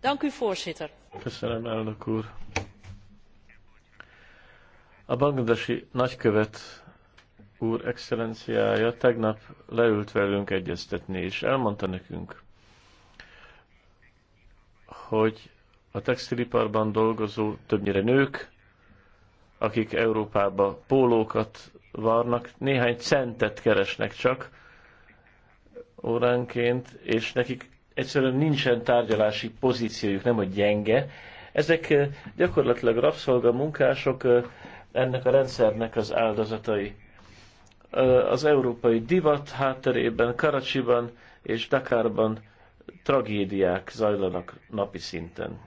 Speaker 3: Dank u, voorzitter.
Speaker 2: Köszönöm, elnök úr. A bangladesi nagykövet úr excellenciája tegnap leült velünk egyeztetni, és elmondta nekünk, hogy a textiliparban dolgozó többnyire nők, akik Európába pólókat, varnak, néhány centet keresnek csak óránként, és nekik egyszerűen nincsen tárgyalási pozíciójuk, nem hogy gyenge. Ezek eh, gyakorlatilag rabszolga munkások eh, ennek a rendszernek az áldozatai. Eh, az európai divat hátterében, Karacsiban és Dakarban tragédiák zajlanak napi szinten.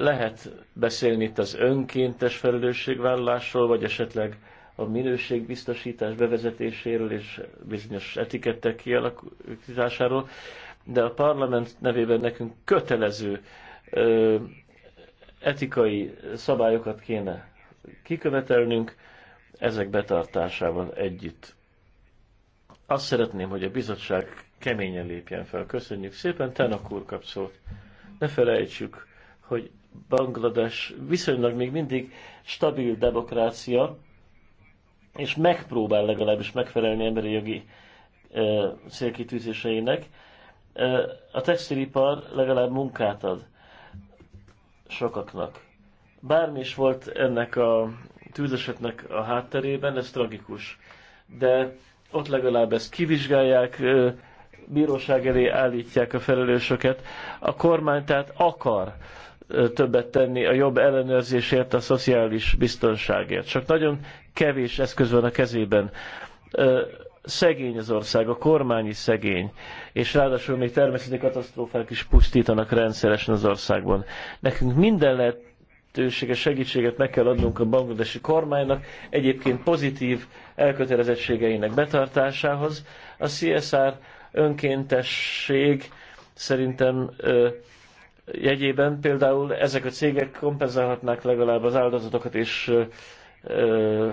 Speaker 2: Lehet beszélni itt az önkéntes felelősségvállalásról, vagy esetleg a minőségbiztosítás bevezetéséről és bizonyos etikettek kialakításáról, de a parlament nevében nekünk kötelező ö, etikai szabályokat kéne kikövetelnünk ezek betartásával együtt. Azt szeretném, hogy a bizottság keményen lépjen fel. Köszönjük szépen, Tenak úr kap szót. Ne felejtsük, hogy Banglades viszonylag még mindig stabil demokrácia, és megpróbál legalábbis megfelelni emberi jogi ö, célkitűzéseinek. a textilipar legalább munkát ad sokaknak. Bármi is volt ennek a tűzesetnek a hátterében, ez tragikus. De ott legalább ezt kivizsgálják, ö, bíróság elé állítják a felelősöket. A kormány tehát akar többet tenni a jobb ellenőrzésért, a szociális biztonságért. Csak nagyon kevés eszköz van a kezében. Szegény az ország, a kormány is szegény, és ráadásul még természeti katasztrófák is pusztítanak rendszeresen az országban. Nekünk minden lehetősége segítséget meg kell adnunk a bangladesi kormánynak, egyébként pozitív elkötelezettségeinek betartásához. A CSR önkéntesség szerintem jegyében például ezek a cégek kompenzálhatnák legalább az áldozatokat és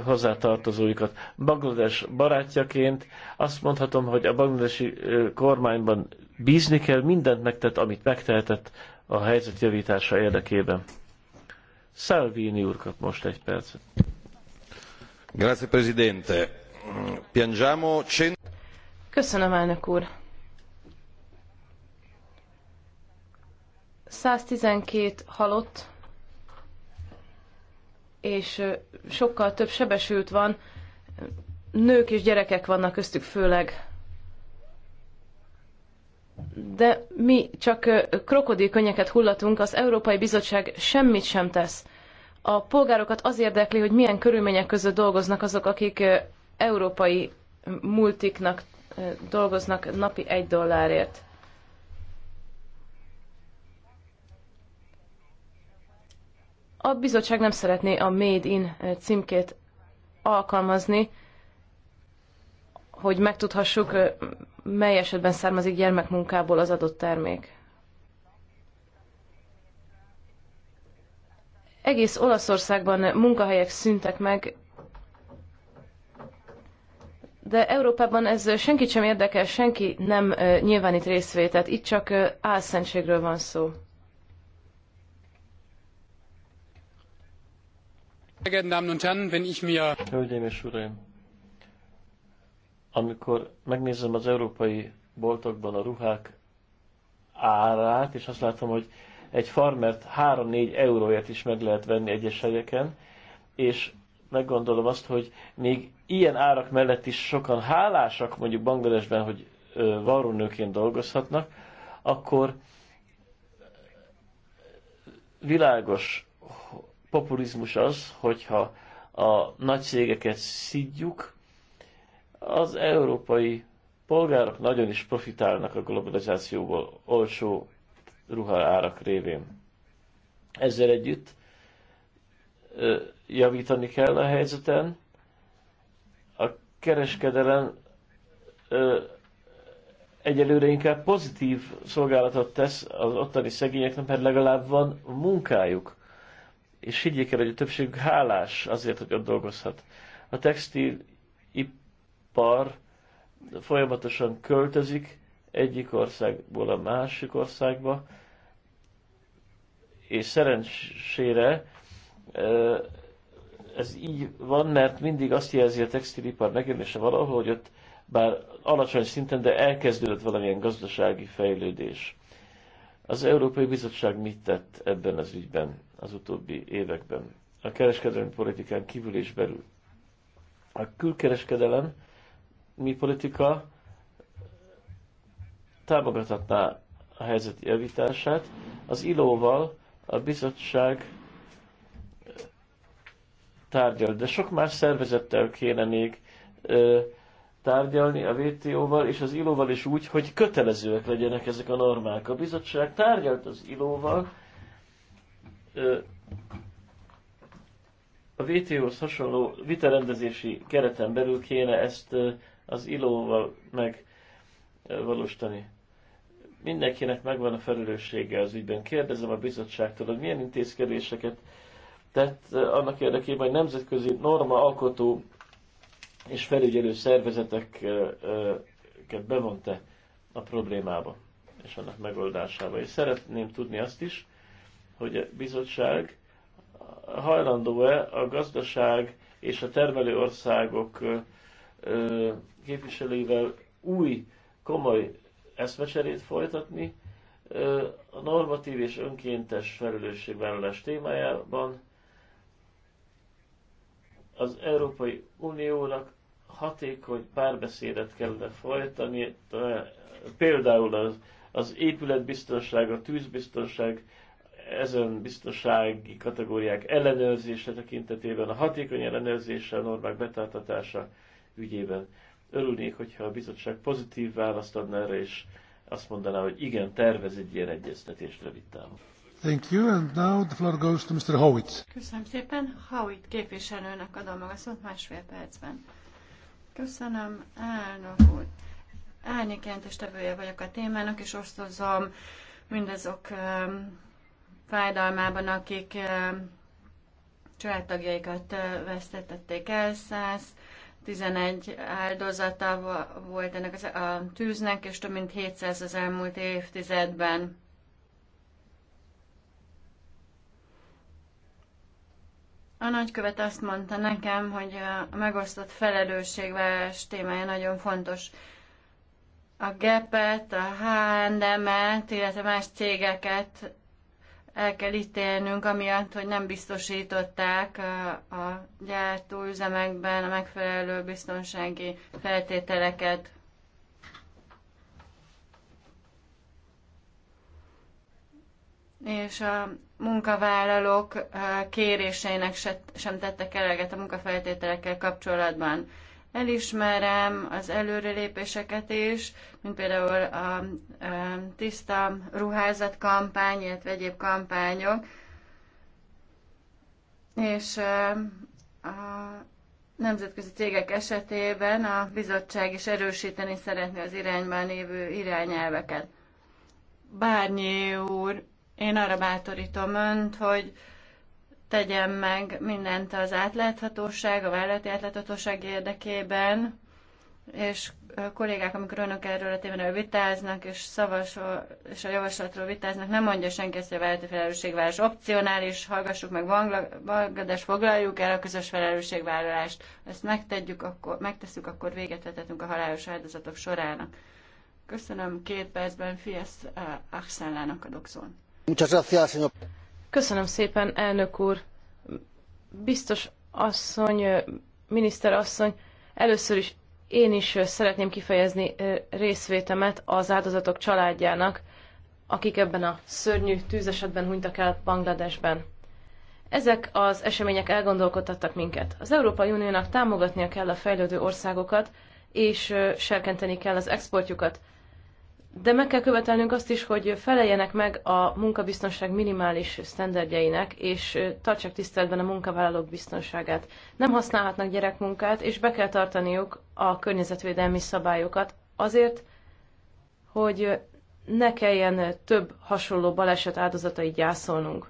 Speaker 2: hozzátartozóikat. Bangladesh barátjaként azt mondhatom, hogy a bangladesi kormányban bízni kell, mindent megtett, amit megtehetett a helyzet javítása érdekében. Salvini úr kap most egy percet. Grazie Presidente. Piangiamo...
Speaker 1: Köszönöm, elnök úr. 112 halott, és sokkal több sebesült van, nők és gyerekek vannak köztük főleg. De mi csak krokodilkönnyeket hullatunk, az Európai Bizottság semmit sem tesz. A polgárokat az érdekli, hogy milyen körülmények között dolgoznak azok, akik európai multiknak dolgoznak napi egy dollárért. A bizottság nem szeretné a Made in eh, címkét alkalmazni, hogy megtudhassuk, eh, mely esetben származik gyermekmunkából az adott termék. Egész Olaszországban munkahelyek szüntek meg, de Európában ez eh, senkit sem érdekel, senki nem nyilvánít részvételt, itt csak álszentségről van szó.
Speaker 2: Hölgyeim és Uraim! Amikor megnézem az európai boltokban a ruhák árát, és azt látom, hogy egy farmert 3-4 euróért is meg lehet venni egyes helyeken, és meggondolom azt, hogy még ilyen árak mellett is sokan hálásak mondjuk Bangladesben, hogy varrónőként dolgozhatnak, akkor világos, populizmus az, hogyha a nagy cégeket szidjuk, az európai polgárok nagyon is profitálnak a globalizációból olcsó ruhaárak révén. Ezzel együtt javítani kell a helyzeten. A kereskedelem egyelőre inkább pozitív szolgálatot tesz az ottani szegényeknek, mert legalább van munkájuk és higgyék el, hogy a többség hálás azért, hogy ott dolgozhat. A textilipar folyamatosan költözik egyik országból a másik országba, és szerencsére ez így van, mert mindig azt jelzi a textilipar megjelenése valahol, hogy ott bár alacsony szinten, de elkezdődött valamilyen gazdasági fejlődés. Az Európai Bizottság mit tett ebben az ügyben? az utóbbi években. A kereskedelmi politikán kívül és belül. A külkereskedelem mi politika támogatatná a helyzet javítását. Az ilóval a bizottság tárgyal, de sok más szervezettel kéne még ö, tárgyalni a vto val és az ilóval is úgy, hogy kötelezőek legyenek ezek a normák. A bizottság tárgyalt az ilóval, a WTO-hoz hasonló vitarendezési kereten belül kéne ezt az ilóval megvalósítani. Mindenkinek megvan a felelőssége az ügyben. Kérdezem a bizottságtól, hogy milyen intézkedéseket tett annak érdekében, hogy nemzetközi norma alkotó és felügyelő szervezeteket bevonta a problémába és annak megoldásába. És szeretném tudni azt is, hogy a bizottság hajlandó-e a gazdaság és a termelő országok képviselőivel új, komoly eszmecserét folytatni a normatív és önkéntes felelősségvállalás témájában. Az Európai Uniónak hatékony párbeszédet kellene folytani, például az, az épületbiztonság, a tűzbiztonság, ezen biztonsági kategóriák ellenőrzése tekintetében, a hatékony ellenőrzése, a normák betartatása ügyében. Örülnék, hogyha a bizottság pozitív választ adna erre, és azt mondaná, hogy igen, tervez egy ilyen egyeztetést rövid távon.
Speaker 4: Thank you, and now the floor goes to Mr. Howitt.
Speaker 3: Köszönöm szépen. Howitt képviselőnek adom meg a szót másfél percben. Köszönöm, elnök úr. Árnyék jelentéstevője vagyok a témának, és osztozom mindazok um, fájdalmában, akik családtagjaikat vesztették el, 111 áldozata volt ennek a tűznek, és több mint 700 az elmúlt évtizedben. A nagykövet azt mondta nekem, hogy a megosztott felelősségvállás témája nagyon fontos. A gepet, a H&M-et, illetve más cégeket el kell ítélnünk, amiatt, hogy nem biztosították a, gyártóüzemekben a megfelelő biztonsági feltételeket. És a munkavállalók kéréseinek sem tettek eleget a munkafeltételekkel kapcsolatban. Elismerem az előrelépéseket is, mint például a, a tiszta ruházat kampány, illetve egyéb kampányok, és a nemzetközi cégek esetében a bizottság is erősíteni szeretné az irányban lévő irányelveket. Bárnyi úr, én arra bátorítom önt, hogy tegyen meg mindent az átláthatóság, a vállalati átláthatóság érdekében, és kollégák, amikor önök erről a témáról vitáznak, és, szavasol, és a javaslatról vitáznak, nem mondja senki ezt, hogy a vállalati felelősségvállalás opcionális, hallgassuk meg Banglades, foglaljuk el a közös felelősségvállalást. Ezt megtegyük, akkor, megtesszük, akkor véget vetetünk a halálos áldozatok sorának. Köszönöm két percben Fiesz eh, Axellának adok szót.
Speaker 1: Köszönöm szépen, elnök úr. Biztos asszony, miniszter asszony, először is én is szeretném kifejezni részvétemet az áldozatok családjának, akik ebben a szörnyű tűzesetben hunytak el Bangladesben. Ezek az események elgondolkodtattak minket. Az Európai Uniónak támogatnia kell a fejlődő országokat, és serkenteni kell az exportjukat de meg kell követelnünk azt is, hogy feleljenek meg a munkabiztonság minimális sztenderdjeinek, és tartsák tiszteletben a munkavállalók biztonságát. Nem használhatnak gyerekmunkát, és be kell tartaniuk a környezetvédelmi szabályokat azért, hogy ne kelljen több hasonló baleset áldozatai gyászolnunk.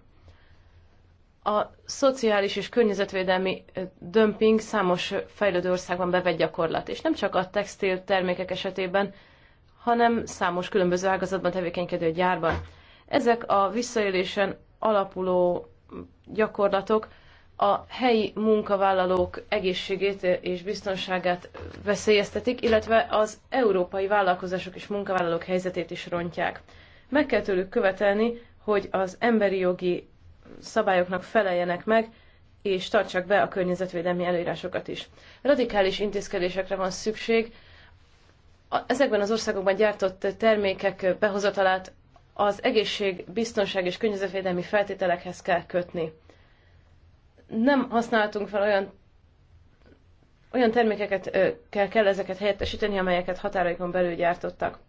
Speaker 1: A szociális és környezetvédelmi dömping számos fejlődő országban bevett gyakorlat, és nem csak a textil termékek esetében, hanem számos különböző ágazatban tevékenykedő gyárban. Ezek a visszaélésen alapuló gyakorlatok a helyi munkavállalók egészségét és biztonságát veszélyeztetik, illetve az európai vállalkozások és munkavállalók helyzetét is rontják. Meg kell tőlük követelni, hogy az emberi jogi szabályoknak feleljenek meg, és tartsák be a környezetvédelmi előírásokat is. Radikális intézkedésekre van szükség ezekben az országokban gyártott termékek behozatalát az egészség, biztonság és környezetvédelmi feltételekhez kell kötni. Nem használtunk fel olyan olyan termékeket kell, kell ezeket helyettesíteni, amelyeket határaikon belül gyártottak.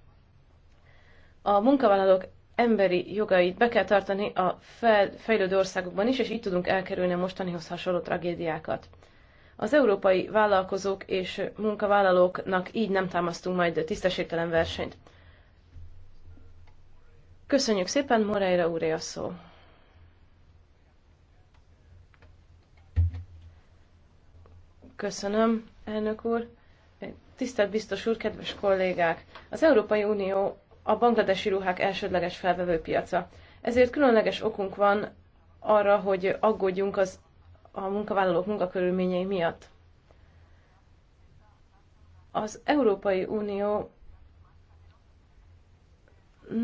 Speaker 1: A munkavállalók emberi jogait be kell tartani a fejlődő országokban is, és így tudunk elkerülni a mostanihoz hasonló tragédiákat. Az európai vállalkozók és munkavállalóknak így nem támasztunk majd tisztességtelen versenyt. Köszönjük szépen, Moreira úré a szó. Köszönöm, elnök úr. Tisztelt biztos úr, kedves kollégák! Az Európai Unió a bangladesi ruhák elsődleges felvevő piaca. Ezért különleges okunk van arra, hogy aggódjunk az a munkavállalók munkakörülményei miatt. Az Európai Unió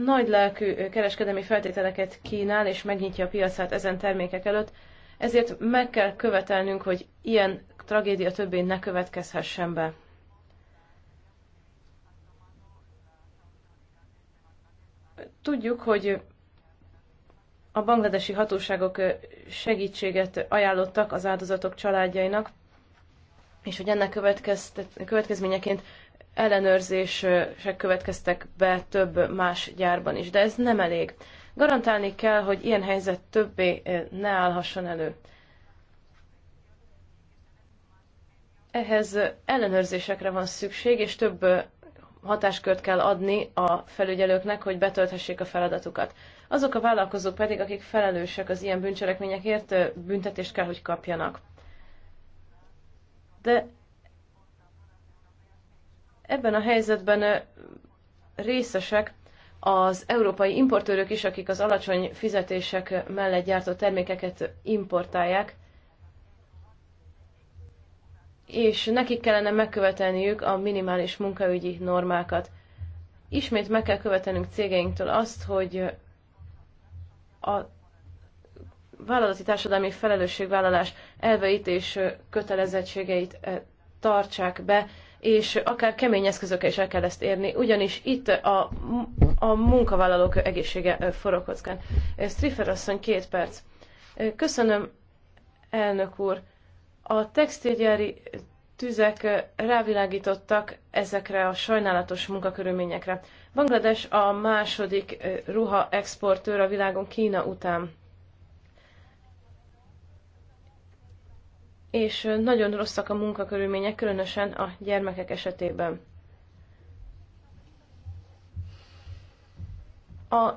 Speaker 1: nagy lelkű kereskedelmi feltételeket kínál és megnyitja a piacát ezen termékek előtt, ezért meg kell követelnünk, hogy ilyen tragédia többé ne következhessen be. Tudjuk, hogy a bangladesi hatóságok segítséget ajánlottak az áldozatok családjainak, és hogy ennek következményeként ellenőrzések következtek be több más gyárban is, de ez nem elég. Garantálni kell, hogy ilyen helyzet többé ne állhasson elő. Ehhez ellenőrzésekre van szükség, és több hatáskört kell adni a felügyelőknek, hogy betölthessék a feladatukat azok a vállalkozók pedig, akik felelősek az ilyen bűncselekményekért, büntetést kell, hogy kapjanak. De ebben a helyzetben részesek az európai importőrök is, akik az alacsony fizetések mellett gyártott termékeket importálják, és nekik kellene megkövetelniük a minimális munkaügyi normákat. Ismét meg kell követelnünk cégeinktől azt, hogy a vállalati társadalmi felelősségvállalás elveit és kötelezettségeit tartsák be, és akár kemény eszközökkel is el kell ezt érni, ugyanis itt a, a munkavállalók egészsége forog kockán. Striffer asszony, két perc. Köszönöm, elnök úr. A textilgyári tüzek rávilágítottak ezekre a sajnálatos munkakörülményekre. Banglades a második ruha exportőr a világon Kína után. És nagyon rosszak a munkakörülmények, különösen a gyermekek esetében. A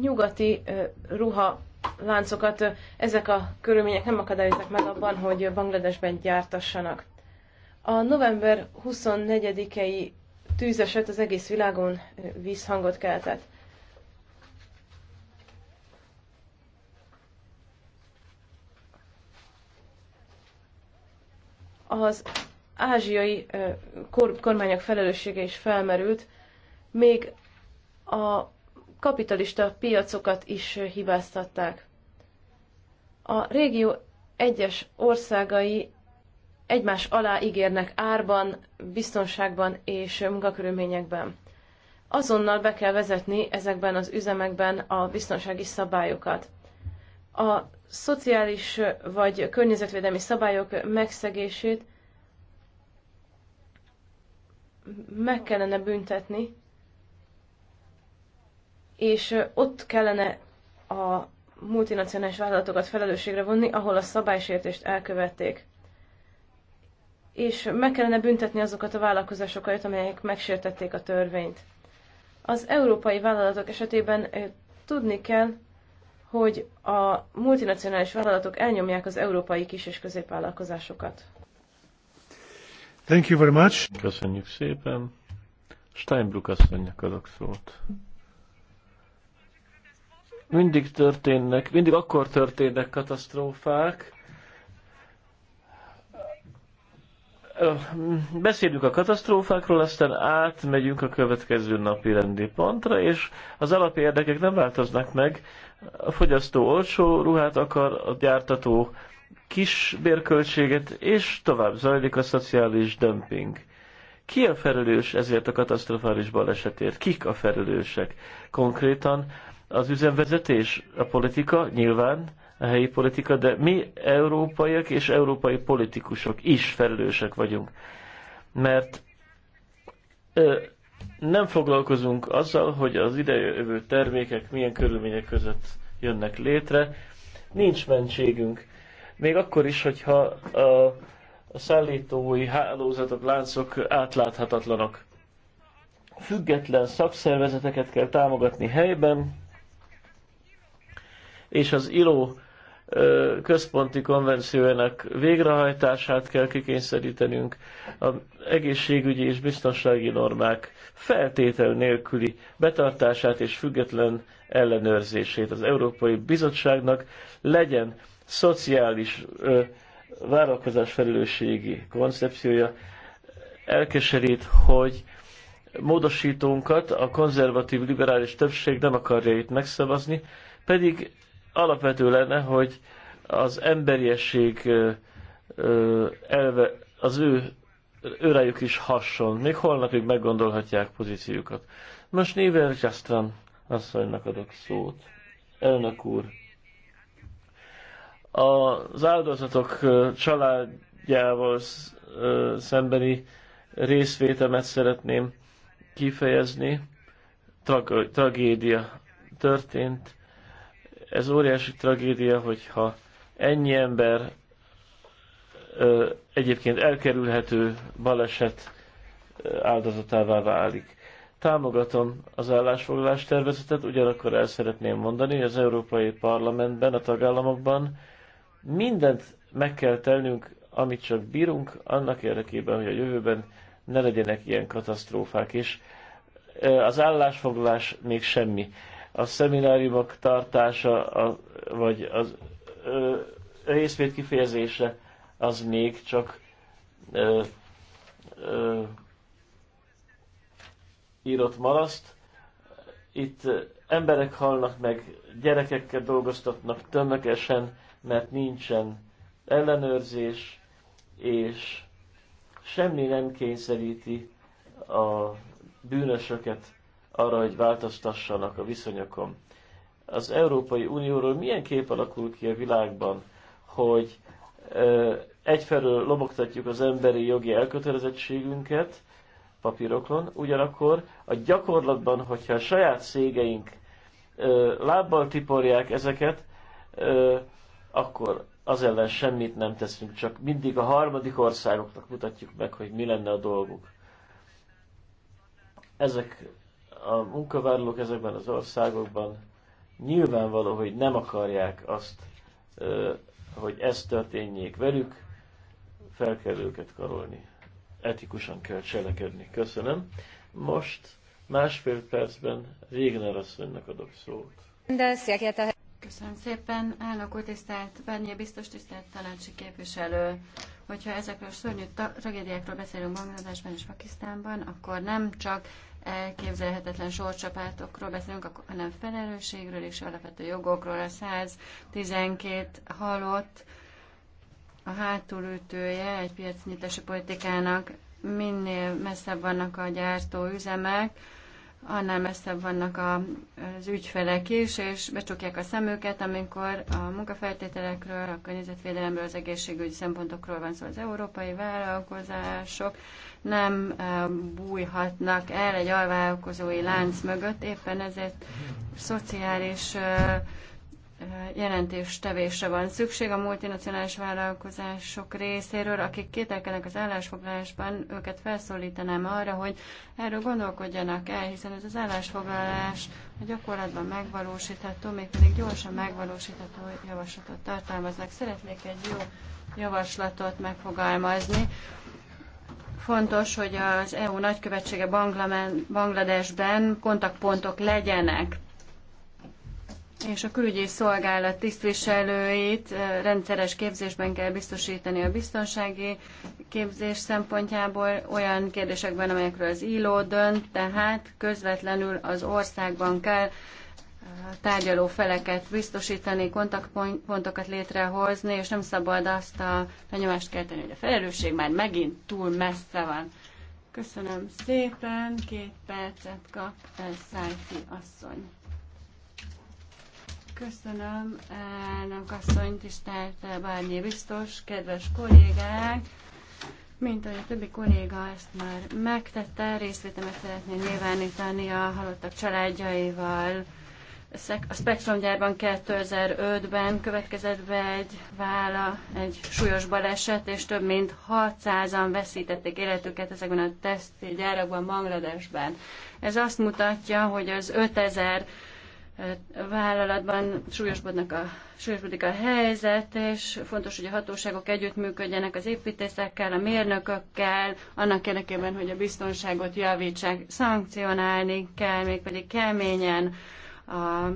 Speaker 1: nyugati ruha láncokat ezek a körülmények nem akadályozzák meg abban, hogy Bangladesben gyártassanak. A november 24-i tűzeset az egész világon vízhangot keltett. Az ázsiai kormányok felelőssége is felmerült, még a kapitalista piacokat is hibáztatták. A régió egyes országai egymás alá ígérnek árban, biztonságban és munkakörülményekben. Azonnal be kell vezetni ezekben az üzemekben a biztonsági szabályokat. A szociális vagy környezetvédelmi szabályok megszegését meg kellene büntetni, és ott kellene a multinacionális vállalatokat felelősségre vonni, ahol a szabálysértést elkövették és meg kellene büntetni azokat a vállalkozásokat, amelyek megsértették a törvényt. Az európai vállalatok esetében tudni kell, hogy a multinacionális vállalatok elnyomják az európai kis- és középvállalkozásokat.
Speaker 2: Thank you very much. Köszönjük szépen. Steinbrück asszonynak adok szót. Mindig történnek, mindig akkor történnek katasztrófák, beszélünk a katasztrófákról, aztán átmegyünk a következő napi rendi pontra, és az érdekek nem változnak meg. A fogyasztó olcsó ruhát akar, a gyártató kis bérköltséget, és tovább zajlik a szociális dömping. Ki a felelős ezért a katasztrofális balesetért? Kik a felelősek? Konkrétan az üzemvezetés, a politika nyilván, a helyi politika, de mi európaiak és európai politikusok is felelősek vagyunk. Mert ö, nem foglalkozunk azzal, hogy az idejövő termékek milyen körülmények között jönnek létre. Nincs mentségünk. Még akkor is, hogyha a, a szállítói hálózatok, láncok átláthatatlanak, Független szakszervezeteket kell támogatni helyben, és az ILO központi konvenciójának végrehajtását kell kikényszerítenünk, az egészségügyi és biztonsági normák feltétel nélküli betartását és független ellenőrzését az Európai Bizottságnak legyen szociális ö, vállalkozás felelősségi koncepciója. Elkeserít, hogy módosítónkat a konzervatív liberális többség nem akarja itt megszavazni, pedig alapvető lenne, hogy az emberiesség elve az ő őrájuk is hasson. Még holnapig meggondolhatják pozíciójukat. Most Néven Richastran asszonynak adok szót. Elnök úr. Az áldozatok családjával szembeni részvétemet szeretném kifejezni. Trag- tragédia történt ez óriási tragédia, hogyha ennyi ember ö, egyébként elkerülhető baleset áldozatává válik. Támogatom az állásfoglalás tervezetet, ugyanakkor el szeretném mondani, hogy az Európai Parlamentben, a tagállamokban mindent meg kell tennünk, amit csak bírunk, annak érdekében, hogy a jövőben ne legyenek ilyen katasztrófák, és az állásfoglalás még semmi a szemináriumok tartása, a, vagy az ö, részvét kifejezése, az még csak ö, ö, írott maraszt. Itt emberek halnak meg, gyerekekkel dolgoztatnak tömegesen, mert nincsen ellenőrzés, és semmi nem kényszeríti a bűnösöket arra, hogy változtassanak a viszonyokon. Az Európai Unióról milyen kép alakul ki a világban, hogy egyfelől lobogtatjuk az emberi jogi elkötelezettségünket papírokon, ugyanakkor a gyakorlatban, hogyha a saját szégeink lábbal tiporják ezeket, akkor az ellen semmit nem teszünk, csak mindig a harmadik országoknak mutatjuk meg, hogy mi lenne a dolguk. Ezek a munkavállalók ezekben az országokban nyilvánvaló, hogy nem akarják azt, hogy ez történjék velük, fel kell őket karolni. Etikusan kell cselekedni. Köszönöm. Most másfél percben Régner asszonynak adok szót.
Speaker 3: Köszönöm szépen, elnök úr, tisztelt Bernie, biztos, tisztelt tanácsi képviselő. Hogyha ezekről a szörnyű tragédiákról beszélünk Bangladesben és Pakisztánban, akkor nem csak elképzelhetetlen sorcsapátokról beszélünk, hanem felelősségről és alapvető jogokról. A 112 halott a hátulütője egy piacnyitási politikának minél messzebb vannak a gyártó üzemek, annál messzebb vannak a, az ügyfelek is, és becsukják a szemüket, amikor a munkafeltételekről, a környezetvédelemről, az egészségügyi szempontokról van szó. Szóval az európai vállalkozások nem bújhatnak el egy alvállalkozói lánc mögött, éppen ezért szociális uh, jelentéstevésre van szükség a multinacionális vállalkozások részéről, akik kételkednek az állásfoglalásban, őket felszólítanám arra, hogy erről gondolkodjanak el, hiszen ez az állásfoglalás a gyakorlatban megvalósítható, mégpedig gyorsan megvalósítható javaslatot tartalmaznak. Szeretnék egy jó javaslatot megfogalmazni. Fontos, hogy az EU nagykövetsége Bangladesben kontaktpontok legyenek és a külügyi szolgálat tisztviselőit rendszeres képzésben kell biztosítani a biztonsági képzés szempontjából olyan kérdésekben, amelyekről az ILO dönt, tehát közvetlenül az országban kell tárgyaló feleket biztosítani, kontaktpontokat létrehozni, és nem szabad azt a benyomást kelteni, hogy a felelősség már megint túl messze van. Köszönöm szépen, két percet kap eh, Szájfi asszony. Köszönöm, elnök asszony, tisztelt Bárnyi biztos, kedves kollégák! Mint ahogy a többi kolléga ezt már megtette, részvétemet szeretném nyilvánítani a halottak családjaival. A Spektrumgyárban 2005-ben következett be egy vála, egy súlyos baleset, és több mint 600-an veszítették életüket ezekben a tesztgyárakban, Bangladesben. Ez azt mutatja, hogy az 5000 vállalatban súlyosbodnak a, súlyosbodik a helyzet, és fontos, hogy a hatóságok együttműködjenek az építészekkel, a mérnökökkel, annak érdekében, hogy a biztonságot javítsák, szankcionálni kell, mégpedig keményen a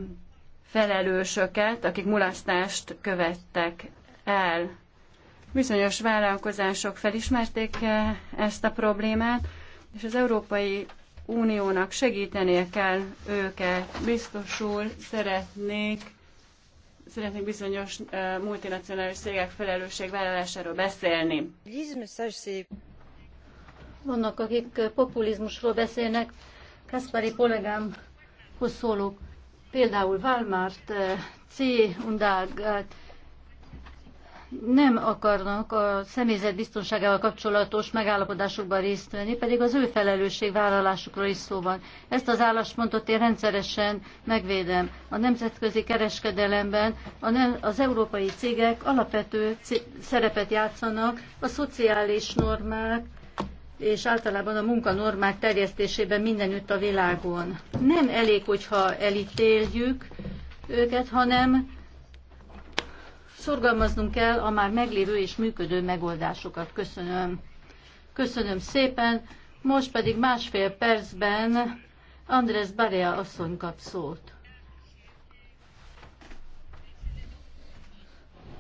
Speaker 3: felelősöket, akik mulasztást követtek el. Bizonyos vállalkozások felismerték eh, ezt a problémát, és az Európai Uniónak segítenie kell őket. Biztosul szeretnék szeretnék bizonyos multinacionális cégek felelősségvállalásáról beszélni.
Speaker 5: Vannak, akik populizmusról beszélnek. Kaspari kollégámhoz szólok. Például Walmart, C. Undag, nem akarnak a személyzet biztonságával kapcsolatos megállapodásokban részt venni, pedig az ő felelősségvállalásukról is szó van. Ezt az álláspontot én rendszeresen megvédem. A nemzetközi kereskedelemben az európai cégek alapvető szerepet játszanak a szociális normák, és általában a munkanormák terjesztésében mindenütt a világon. Nem elég, hogyha elítéljük őket, hanem szorgalmaznunk kell a már meglévő és működő megoldásokat. Köszönöm. Köszönöm szépen. Most pedig másfél percben Andrés Barea asszony kap szót.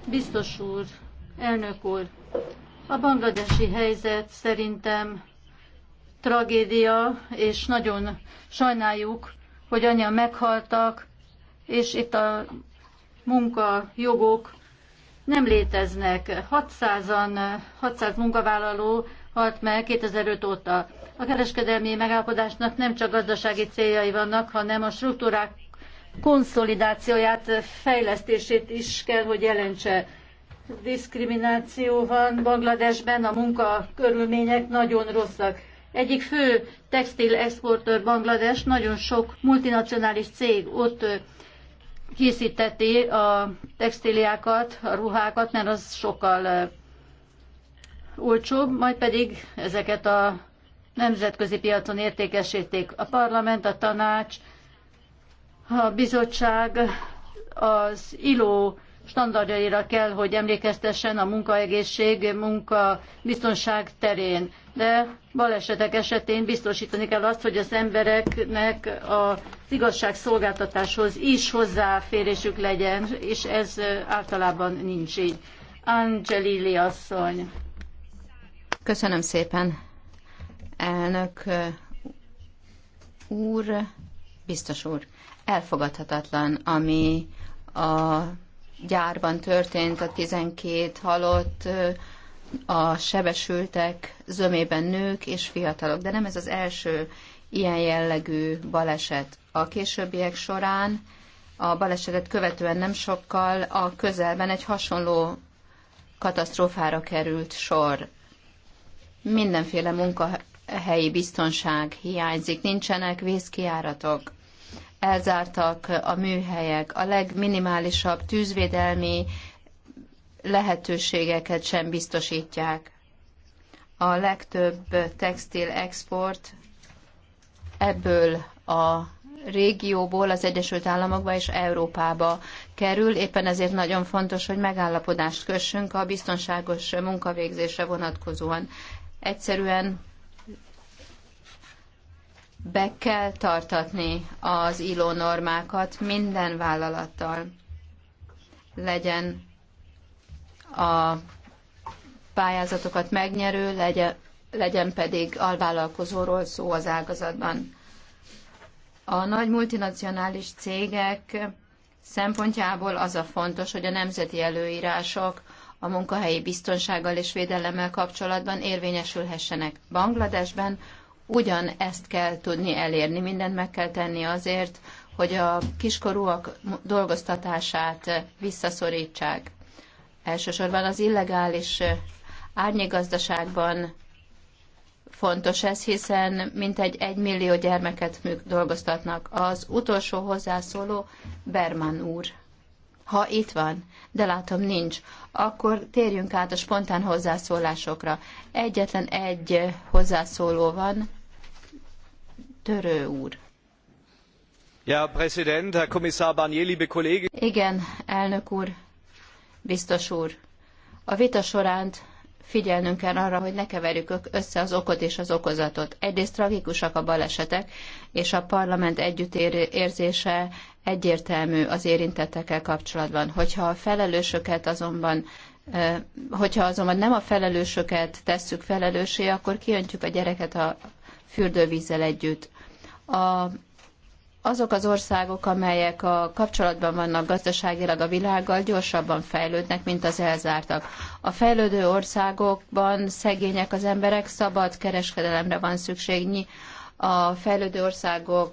Speaker 5: Biztos úr, elnök úr, a bangladesi helyzet szerintem tragédia, és nagyon sajnáljuk, hogy annyian meghaltak, és itt a munkajogok nem léteznek. 600-an, 600 munkavállaló halt meg 2005 óta. A kereskedelmi megállapodásnak nem csak gazdasági céljai vannak, hanem a struktúrák konszolidációját, fejlesztését is kell, hogy jelentse. Diszkrimináció van Bangladesben, a munkakörülmények nagyon rosszak. Egyik fő textil exportőr Banglades, nagyon sok multinacionális cég ott készíteti a textíliákat, a ruhákat, mert az sokkal olcsóbb, majd pedig ezeket a nemzetközi piacon értékesíték A parlament, a tanács, a bizottság, az ILO standardjaira kell, hogy emlékeztessen a munkaegészség, munkabiztonság terén. De balesetek esetén biztosítani kell azt, hogy az embereknek az igazságszolgáltatáshoz is hozzáférésük legyen, és ez általában nincs így. Angelili asszony.
Speaker 6: Köszönöm szépen, elnök úr, biztos úr. Elfogadhatatlan, ami a gyárban történt a 12 halott, a sebesültek zömében nők és fiatalok, de nem ez az első ilyen jellegű baleset. A későbbiek során a balesetet követően nem sokkal a közelben egy hasonló katasztrófára került sor. Mindenféle munkahelyi biztonság hiányzik, nincsenek vészkiáratok elzártak a műhelyek, a legminimálisabb tűzvédelmi lehetőségeket sem biztosítják. A legtöbb textil export ebből a régióból az Egyesült Államokba és Európába kerül. Éppen ezért nagyon fontos, hogy megállapodást kössünk a biztonságos munkavégzésre vonatkozóan. Egyszerűen be kell tartatni az ILO normákat minden vállalattal. Legyen a pályázatokat megnyerő, legyen, legyen pedig alvállalkozóról szó az ágazatban. A nagy multinacionális cégek szempontjából az a fontos, hogy a nemzeti előírások a munkahelyi biztonsággal és védelemmel kapcsolatban érvényesülhessenek. Bangladesben Ugyan ezt kell tudni elérni, mindent meg kell tenni azért, hogy a kiskorúak dolgoztatását visszaszorítsák. Elsősorban az illegális árnyigazdaságban fontos ez, hiszen mintegy egy millió gyermeket dolgoztatnak. Az utolsó hozzászóló Berman úr. Ha itt van, de látom nincs, akkor térjünk át a spontán hozzászólásokra. Egyetlen egy hozzászóló van, Törő úr. Igen, elnök úr, biztos úr. A vita során figyelnünk kell arra, hogy ne keverjük össze az okot és az okozatot. Egyrészt tragikusak a balesetek, és a parlament együttérzése egyértelmű az érintettekkel kapcsolatban. Hogyha a felelősöket azonban hogyha azonban nem a felelősöket tesszük felelőssé, akkor kiöntjük a gyereket a, fürdővízzel együtt. A, azok az országok, amelyek a kapcsolatban vannak gazdaságilag a világgal, gyorsabban fejlődnek, mint az elzártak. A fejlődő országokban szegények az emberek, szabad kereskedelemre van szükség a fejlődő országok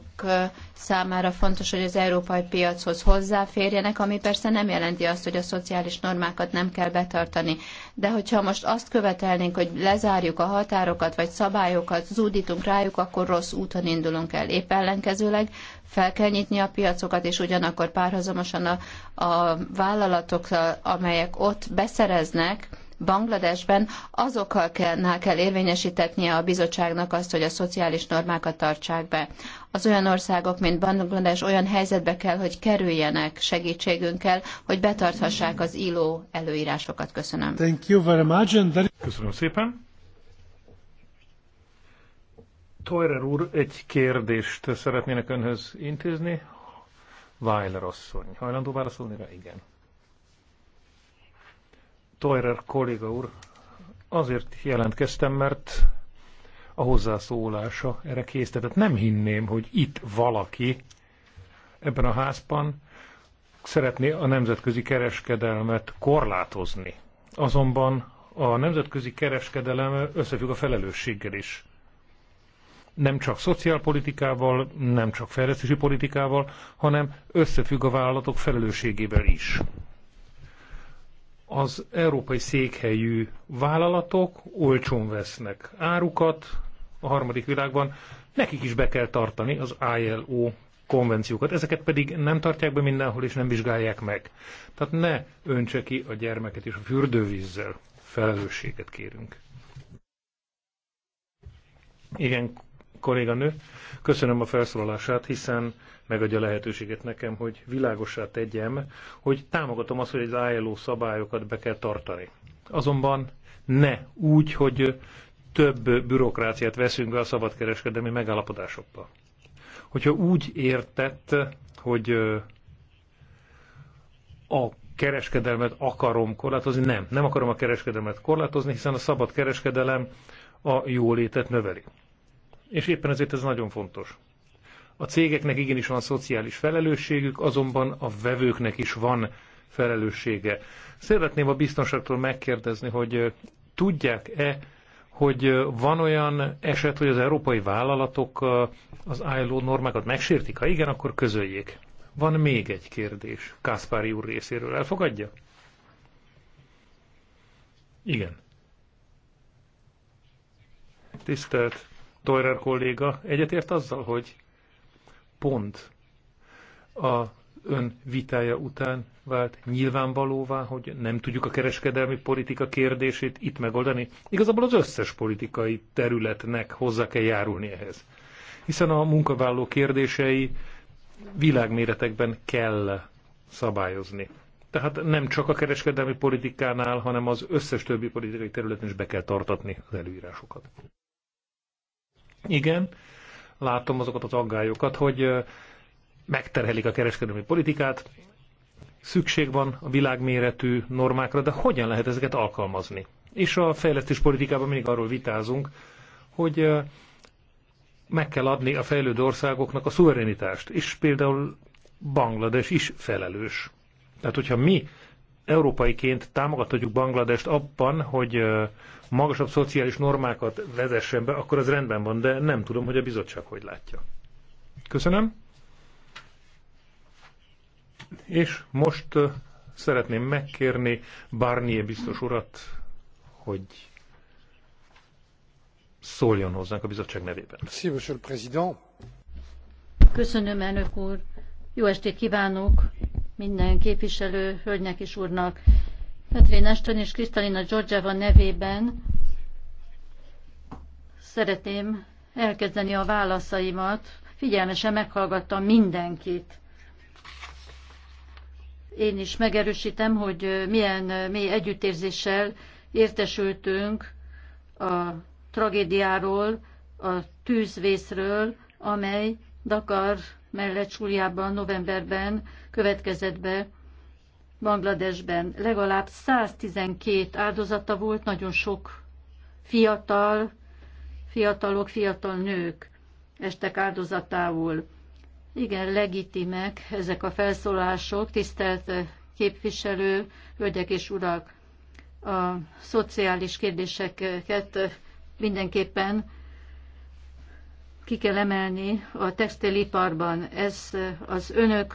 Speaker 6: számára fontos, hogy az európai piachoz hozzáférjenek, ami persze nem jelenti azt, hogy a szociális normákat nem kell betartani. De hogyha most azt követelnénk, hogy lezárjuk a határokat, vagy szabályokat, zúdítunk rájuk, akkor rossz úton indulunk el. Épp ellenkezőleg fel kell nyitni a piacokat, és ugyanakkor párhuzamosan a, a vállalatok, amelyek ott beszereznek, Bangladesben azokkal kell, kell érvényesítetnie a bizottságnak azt, hogy a szociális normákat tartsák be. Az olyan országok, mint Bangladesh olyan helyzetbe kell, hogy kerüljenek segítségünkkel, hogy betarthassák az ILO előírásokat. Köszönöm.
Speaker 4: Thank you very much. And then... Köszönöm szépen. Toyer úr, egy kérdést szeretnének önhöz intézni. Weiler asszony, hajlandó válaszolni rá? Igen. Toerer kolléga úr, azért jelentkeztem, mert a hozzászólása erre késztetett. Nem hinném, hogy itt valaki ebben a házban szeretné a nemzetközi kereskedelmet korlátozni. Azonban a nemzetközi kereskedelem összefügg a felelősséggel is. Nem csak szociálpolitikával, nem csak fejlesztési politikával, hanem összefügg a vállalatok felelősségével is az európai székhelyű vállalatok olcsón vesznek árukat a harmadik világban, nekik is be kell tartani az ILO konvenciókat. Ezeket pedig nem tartják be mindenhol, és nem vizsgálják meg. Tehát ne öntse ki a gyermeket és a fürdővízzel. Felelősséget kérünk. Igen, kolléganő, köszönöm a felszólalását, hiszen megadja a lehetőséget nekem, hogy világosá tegyem, hogy támogatom azt, hogy az ILO szabályokat be kell tartani. Azonban ne úgy, hogy több bürokráciát veszünk be a szabadkereskedelmi megállapodásokba. Hogyha úgy értett, hogy a kereskedelmet akarom korlátozni, nem, nem akarom a kereskedelmet korlátozni, hiszen a szabad kereskedelem a jólétet növeli. És éppen ezért ez nagyon fontos. A cégeknek igenis van szociális felelősségük, azonban a vevőknek is van felelőssége. Szeretném a biztonságtól megkérdezni, hogy tudják-e, hogy van olyan eset, hogy az európai vállalatok az ILO normákat megsértik? Ha igen, akkor közöljék. Van még egy kérdés Kászpári úr részéről. Elfogadja? Igen. Tisztelt Toyer kolléga, egyetért azzal, hogy pont a ön vitája után vált nyilvánvalóvá, hogy nem tudjuk a kereskedelmi politika kérdését itt megoldani. Igazából az összes politikai területnek hozzá kell járulni ehhez. Hiszen a munkavállaló kérdései világméretekben kell szabályozni. Tehát nem csak a kereskedelmi politikánál, hanem az összes többi politikai területen is be kell tartatni az előírásokat. Igen, látom azokat az aggályokat, hogy megterhelik a kereskedelmi politikát, szükség van a világméretű normákra, de hogyan lehet ezeket alkalmazni? És a fejlesztés politikában mindig arról vitázunk, hogy meg kell adni a fejlődő országoknak a szuverenitást, és például Banglades is felelős. Tehát, hogyha mi európaiként támogatjuk Bangladest abban, hogy magasabb szociális normákat vezessen be, akkor az rendben van, de nem tudom, hogy a bizottság hogy látja. Köszönöm. És most szeretném megkérni Barnier biztos urat, hogy szóljon hozzánk a bizottság nevében.
Speaker 5: Köszönöm, elnök úr. Jó estét kívánok! minden képviselő, hölgynek és úrnak. Petrén Eston és Kristalina Georgieva nevében szeretném elkezdeni a válaszaimat. Figyelmesen meghallgattam mindenkit. Én is megerősítem, hogy milyen mély együttérzéssel értesültünk a tragédiáról, a tűzvészről, amely Dakar mellett Súliában novemberben következett be Bangladesben. Legalább 112 áldozata volt, nagyon sok fiatal, fiatalok, fiatal nők estek áldozatául. Igen, legitimek ezek a felszólások, tisztelt képviselő, hölgyek és urak. A szociális kérdéseket mindenképpen ki kell emelni a textiliparban. Ez az önök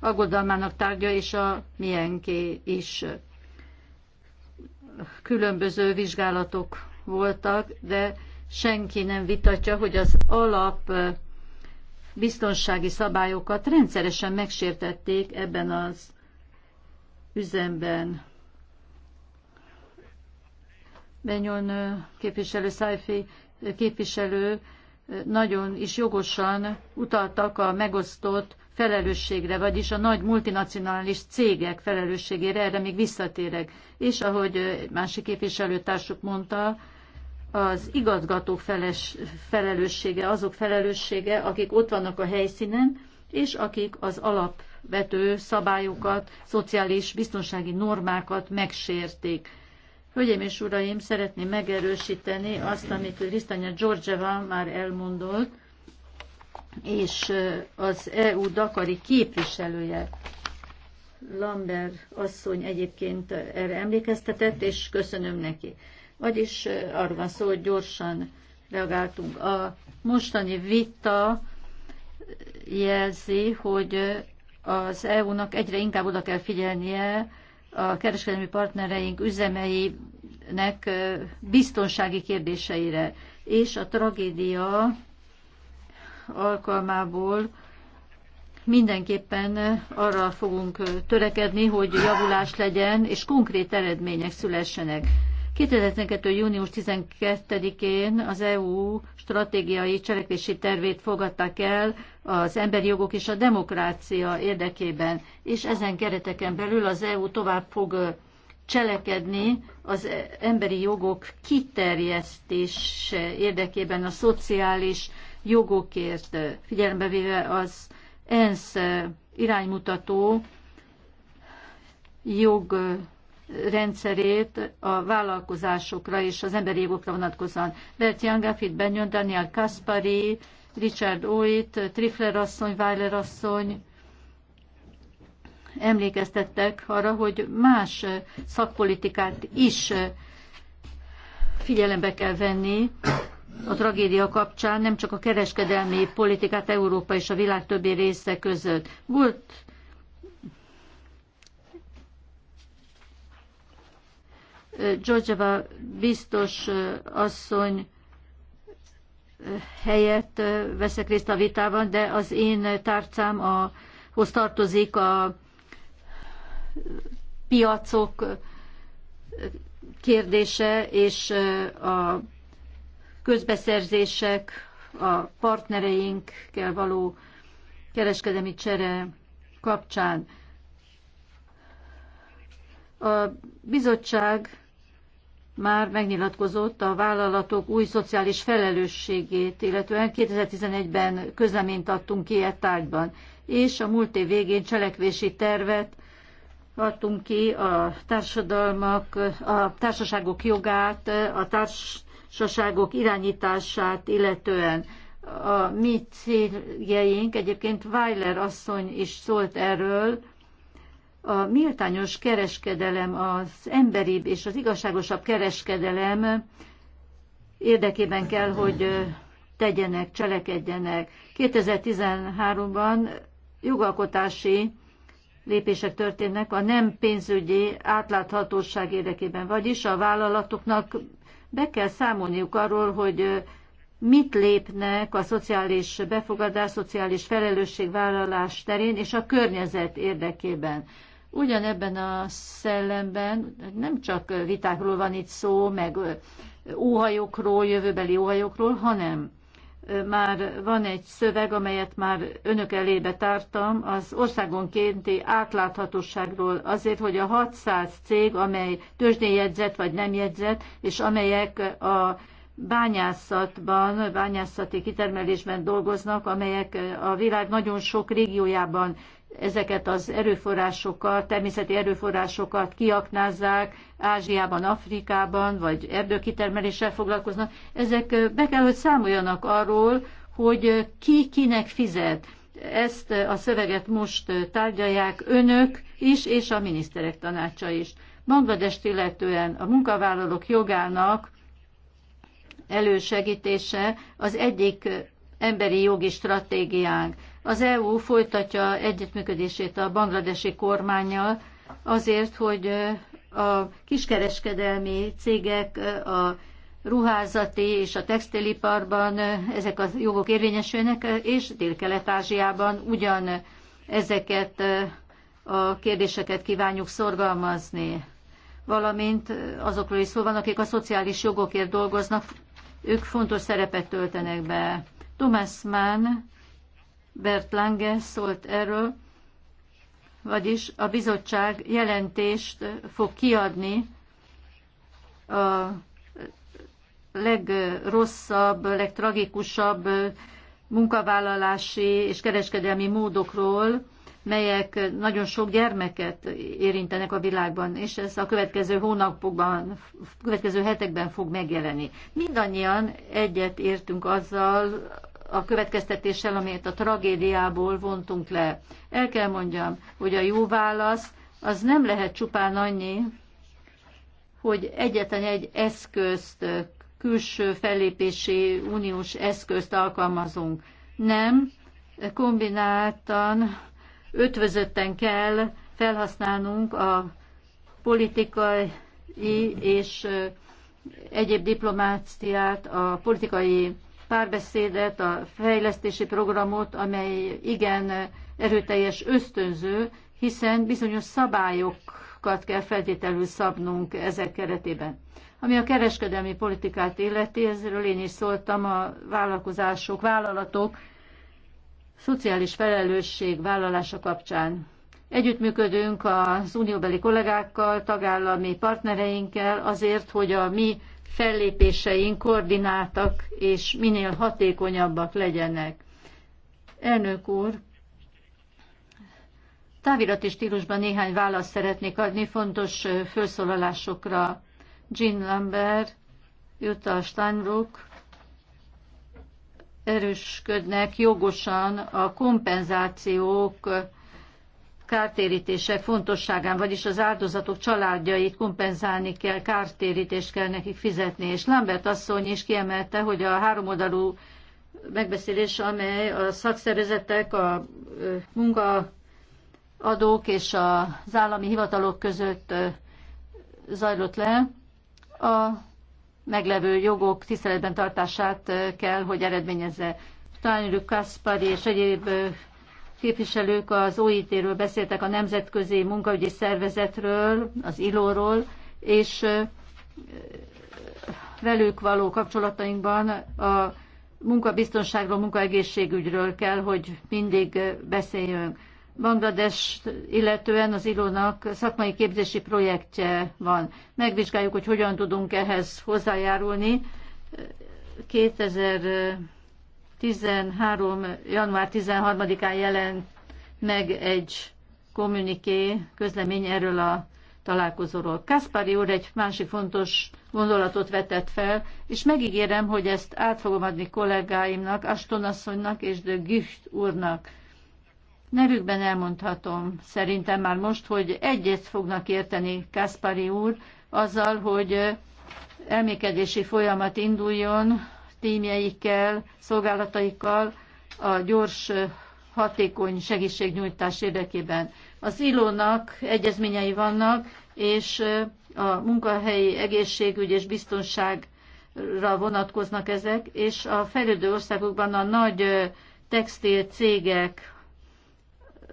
Speaker 5: aggodalmának tárgya, és a milyenké is. Különböző vizsgálatok voltak, de senki nem vitatja, hogy az alap biztonsági szabályokat rendszeresen megsértették ebben az üzemben. Benyon képviselő, Szájfi képviselő nagyon is jogosan utaltak a megosztott felelősségre, vagyis a nagy multinacionális cégek felelősségére, erre még visszatérek. És ahogy másik képviselőtársuk mondta, az igazgatók feles, felelőssége, azok felelőssége, akik ott vannak a helyszínen, és akik az alapvető szabályokat, szociális biztonsági normákat megsérték. Hölgyeim és uraim, szeretném megerősíteni azt, amit Risztanya Georgieva már elmondott, és eh, az EU Dakari képviselője Lambert asszony egyébként erre emlékeztetett, és köszönöm neki. Vagyis eh, arról van szó, hogy gyorsan reagáltunk. A mostani vita jelzi, hogy eh, az EU-nak egyre inkább oda kell figyelnie a kereskedelmi partnereink üzemeinek biztonsági kérdéseire, és a tragédia alkalmából mindenképpen arra fogunk törekedni, hogy javulás legyen, és konkrét eredmények szülessenek. 2012. június 12-én az EU stratégiai cselekvési tervét fogadták el az emberi jogok és a demokrácia érdekében, és ezen kereteken belül az EU tovább fog cselekedni az e, emberi jogok kiterjesztés érdekében a szociális jogokért, figyelembe véve az ENSZ iránymutató jog rendszerét a vállalkozásokra és az emberi jogokra vonatkozóan. Bert Jangafit, Benyon, Daniel Kaspari, Richard Oit, Trifler asszony, Weiler asszony emlékeztettek arra, hogy más szakpolitikát is figyelembe kell venni a tragédia kapcsán, nem csak a kereskedelmi politikát Európa és a világ többi része között. Volt Georgieva biztos asszony helyett veszek részt a vitában, de az én tárcámhoz a, tartozik a piacok kérdése és a közbeszerzések, a partnereinkkel való kereskedelmi csere kapcsán. A bizottság már megnyilatkozott a vállalatok új szociális felelősségét, illetően 2011-ben közleményt adtunk ki e tárgyban, és a múlt év végén cselekvési tervet adtunk ki a társadalmak, a társaságok jogát, a társaságok irányítását illetően. A mi céljaink, egyébként Weiler asszony is szólt erről, a méltányos kereskedelem, az emberibb és az igazságosabb kereskedelem érdekében kell, hogy tegyenek, cselekedjenek. 2013-ban jogalkotási lépések történnek a nem pénzügyi átláthatóság érdekében, vagyis a vállalatoknak be kell számolniuk arról, hogy mit lépnek a szociális befogadás, szociális felelősségvállalás terén és a környezet érdekében. Ugyanebben a szellemben nem csak vitákról van itt szó, meg óhajokról, jövőbeli óhajokról, hanem már van egy szöveg, amelyet már önök elébe tártam, az országonkénti átláthatóságról azért, hogy a 600 cég, amely tőzsdén jegyzett vagy nem jegyzett, és amelyek a bányászatban, bányászati kitermelésben dolgoznak, amelyek a világ nagyon sok régiójában ezeket az erőforrásokat, természeti erőforrásokat kiaknázzák, Ázsiában, Afrikában, vagy erdőkitermeléssel foglalkoznak, ezek be kell, hogy számoljanak arról, hogy ki kinek fizet. Ezt a szöveget most tárgyalják önök is, és a miniszterek tanácsa is. Bangladest illetően a munkavállalók jogának elősegítése az egyik emberi jogi stratégiánk. Az EU folytatja együttműködését a bangladesi kormányjal azért, hogy a kiskereskedelmi cégek a ruházati és a textiliparban ezek a jogok érvényesülnek, és Dél-Kelet-Ázsiában ugyan ezeket a kérdéseket kívánjuk szorgalmazni. Valamint azokról is szó van, akik a szociális jogokért dolgoznak, ők fontos szerepet töltenek be. Thomas Mann Bert Lange szólt erről, vagyis a bizottság jelentést fog kiadni a legrosszabb, legtragikusabb munkavállalási és kereskedelmi módokról, melyek nagyon sok gyermeket érintenek a világban, és ez a következő hónapokban, következő hetekben fog megjelenni. Mindannyian egyet értünk azzal, a következtetéssel, amelyet a tragédiából vontunk le. El kell mondjam, hogy a jó válasz az nem lehet csupán annyi, hogy egyetlen egy eszközt, külső fellépési uniós eszközt alkalmazunk. Nem, kombináltan, ötvözötten kell felhasználnunk a politikai és egyéb diplomáciát, a politikai párbeszédet, a fejlesztési programot, amely igen erőteljes ösztönző, hiszen bizonyos szabályokat kell feltételül szabnunk ezek keretében. Ami a kereskedelmi politikát illeti, ezről én is szóltam, a vállalkozások, vállalatok szociális felelősség vállalása kapcsán. Együttműködünk az unióbeli kollégákkal, tagállami partnereinkkel azért, hogy a mi fellépéseink koordináltak és minél hatékonyabbak legyenek. Elnök úr, távirati stílusban néhány választ szeretnék adni fontos felszólalásokra. Jean Lambert, Jutta Steinbrück erősködnek jogosan a kompenzációk kártérítése fontosságán, vagyis az áldozatok családjait kompenzálni kell, kártérítést kell nekik fizetni. És Lambert asszony is kiemelte, hogy a háromoldalú megbeszélés, amely a szakszervezetek, a munkaadók és az állami hivatalok között zajlott le, a meglevő jogok tiszteletben tartását kell, hogy eredményezze. Tányrű Kaspari és egyéb képviselők az OIT-ről beszéltek, a Nemzetközi Munkaügyi Szervezetről, az ILO-ról, és velük való kapcsolatainkban a munkabiztonságról, munkaegészségügyről kell, hogy mindig beszéljünk. Banglades illetően az ILO-nak szakmai képzési projektje van. Megvizsgáljuk, hogy hogyan tudunk ehhez hozzájárulni. 2000 13, január 13-án jelent meg egy kommuniké, közlemény erről a találkozóról. Kaspari úr egy másik fontos gondolatot vetett fel, és megígérem, hogy ezt át fogom adni kollégáimnak, Astonasszonynak és de Gicht úrnak. Nevükben elmondhatom szerintem már most, hogy egyet fognak érteni Kaspari úr azzal, hogy elmékedési folyamat induljon tímjeikkel, szolgálataikkal a gyors, hatékony segítségnyújtás érdekében. Az ilónak egyezményei vannak, és a munkahelyi egészségügy és biztonságra vonatkoznak ezek, és a fejlődő országokban a nagy textil cégek,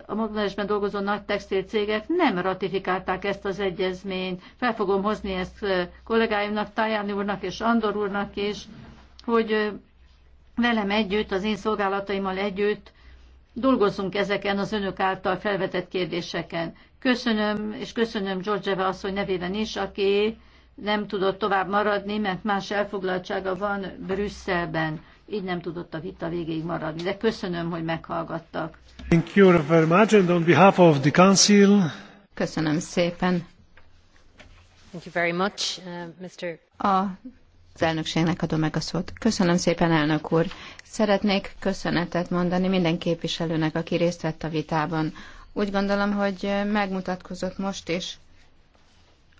Speaker 5: a magánésben dolgozó nagy textil cégek nem ratifikálták ezt az egyezményt. Fel fogom hozni ezt kollégáimnak, Tajani úrnak és Andor úrnak is, hogy velem együtt, az én szolgálataimmal együtt dolgozzunk ezeken az önök által felvetett kérdéseken. Köszönöm, és köszönöm Georgeva asszony nevében is, aki nem tudott tovább maradni, mert más elfoglaltsága van Brüsszelben. Így nem tudott a vita végéig maradni, de köszönöm, hogy meghallgattak.
Speaker 4: Thank you very much, and on behalf of the council...
Speaker 5: Köszönöm szépen.
Speaker 3: Thank you very much, uh, Mr.
Speaker 6: A az adom meg a szót. Köszönöm szépen, elnök úr. Szeretnék köszönetet mondani minden képviselőnek, aki részt vett a vitában. Úgy gondolom, hogy megmutatkozott most is,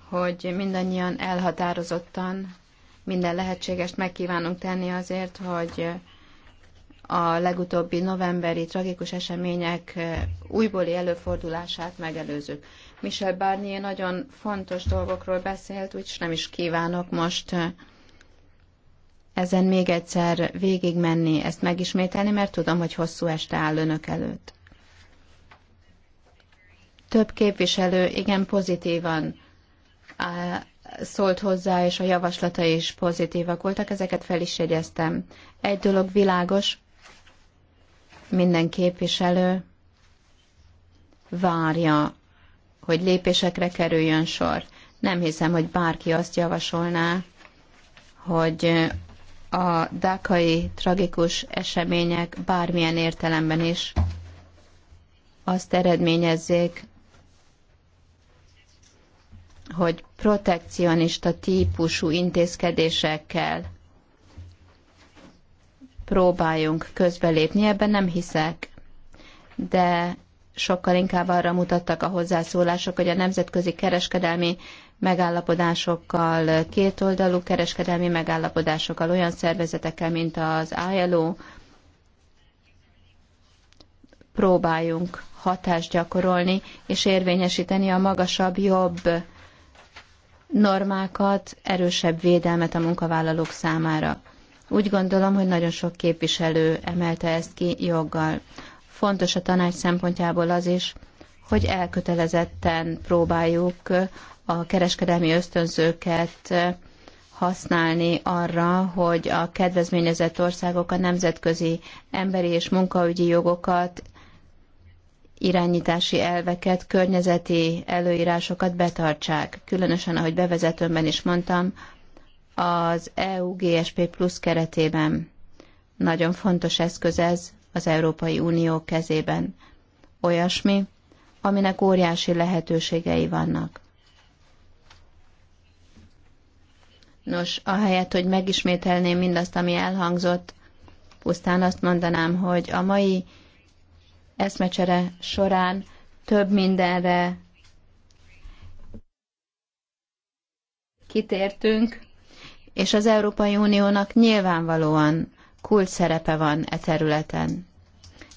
Speaker 6: hogy mindannyian elhatározottan minden lehetségest megkívánunk tenni azért, hogy a legutóbbi novemberi tragikus események újbóli előfordulását megelőzzük. Michel Barnier nagyon fontos dolgokról beszélt, úgyis nem is kívánok most ezen még egyszer végigmenni, ezt megismételni, mert tudom, hogy hosszú este áll önök előtt. Több képviselő igen pozitívan szólt hozzá, és a javaslata is pozitívak voltak, ezeket fel is jegyeztem. Egy dolog világos, minden képviselő várja, hogy lépésekre kerüljön sor. Nem hiszem, hogy bárki azt javasolná, hogy a dákai tragikus események bármilyen értelemben is azt eredményezzék, hogy protekcionista típusú intézkedésekkel próbáljunk közbelépni, ebben nem hiszek, de sokkal inkább arra mutattak a hozzászólások, hogy a nemzetközi kereskedelmi megállapodásokkal, kétoldalú kereskedelmi megállapodásokkal, olyan szervezetekkel, mint az ILO, próbáljunk hatást gyakorolni és érvényesíteni a magasabb, jobb normákat, erősebb védelmet a munkavállalók számára. Úgy gondolom, hogy nagyon sok képviselő emelte ezt ki joggal. Fontos a tanács szempontjából az is, hogy elkötelezetten próbáljuk a kereskedelmi ösztönzőket használni arra, hogy a kedvezményezett országok a nemzetközi emberi és munkaügyi jogokat, irányítási elveket, környezeti előírásokat betartsák. Különösen, ahogy bevezetőmben is mondtam, az EU GSP plusz keretében. Nagyon fontos eszköz ez az Európai Unió kezében. Olyasmi, aminek óriási lehetőségei vannak. Nos, ahelyett, hogy megismételném mindazt, ami elhangzott, pusztán azt mondanám, hogy a mai eszmecsere során több mindenre kitértünk, és az Európai Uniónak nyilvánvalóan kulcs szerepe van e területen.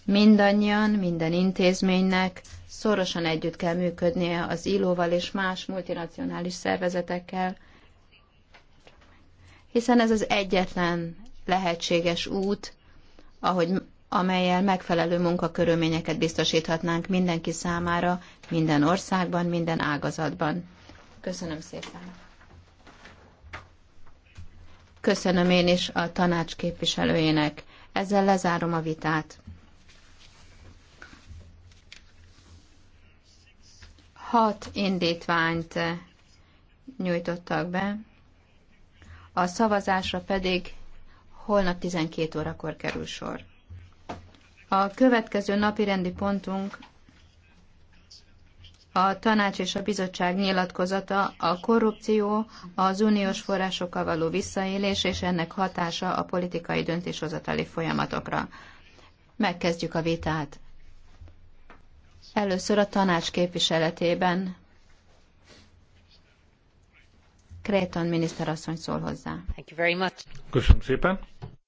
Speaker 6: Mindannyian, minden intézménynek szorosan együtt kell működnie az ILO-val és más multinacionális szervezetekkel, hiszen ez az egyetlen lehetséges út, ahogy amelyel megfelelő munkakörülményeket biztosíthatnánk mindenki számára, minden országban, minden ágazatban. Köszönöm szépen! Köszönöm én is a tanács képviselőjének. Ezzel lezárom a vitát. Hat indítványt nyújtottak be, a szavazásra pedig holnap 12 órakor kerül sor. A következő napi rendi pontunk a tanács és a bizottság nyilatkozata a korrupció, az uniós forrásokkal való visszaélés és ennek hatása a politikai döntéshozatali folyamatokra. Megkezdjük a vitát. Először a tanács képviseletében miniszter asszony szól hozzá.
Speaker 4: Köszönöm szépen.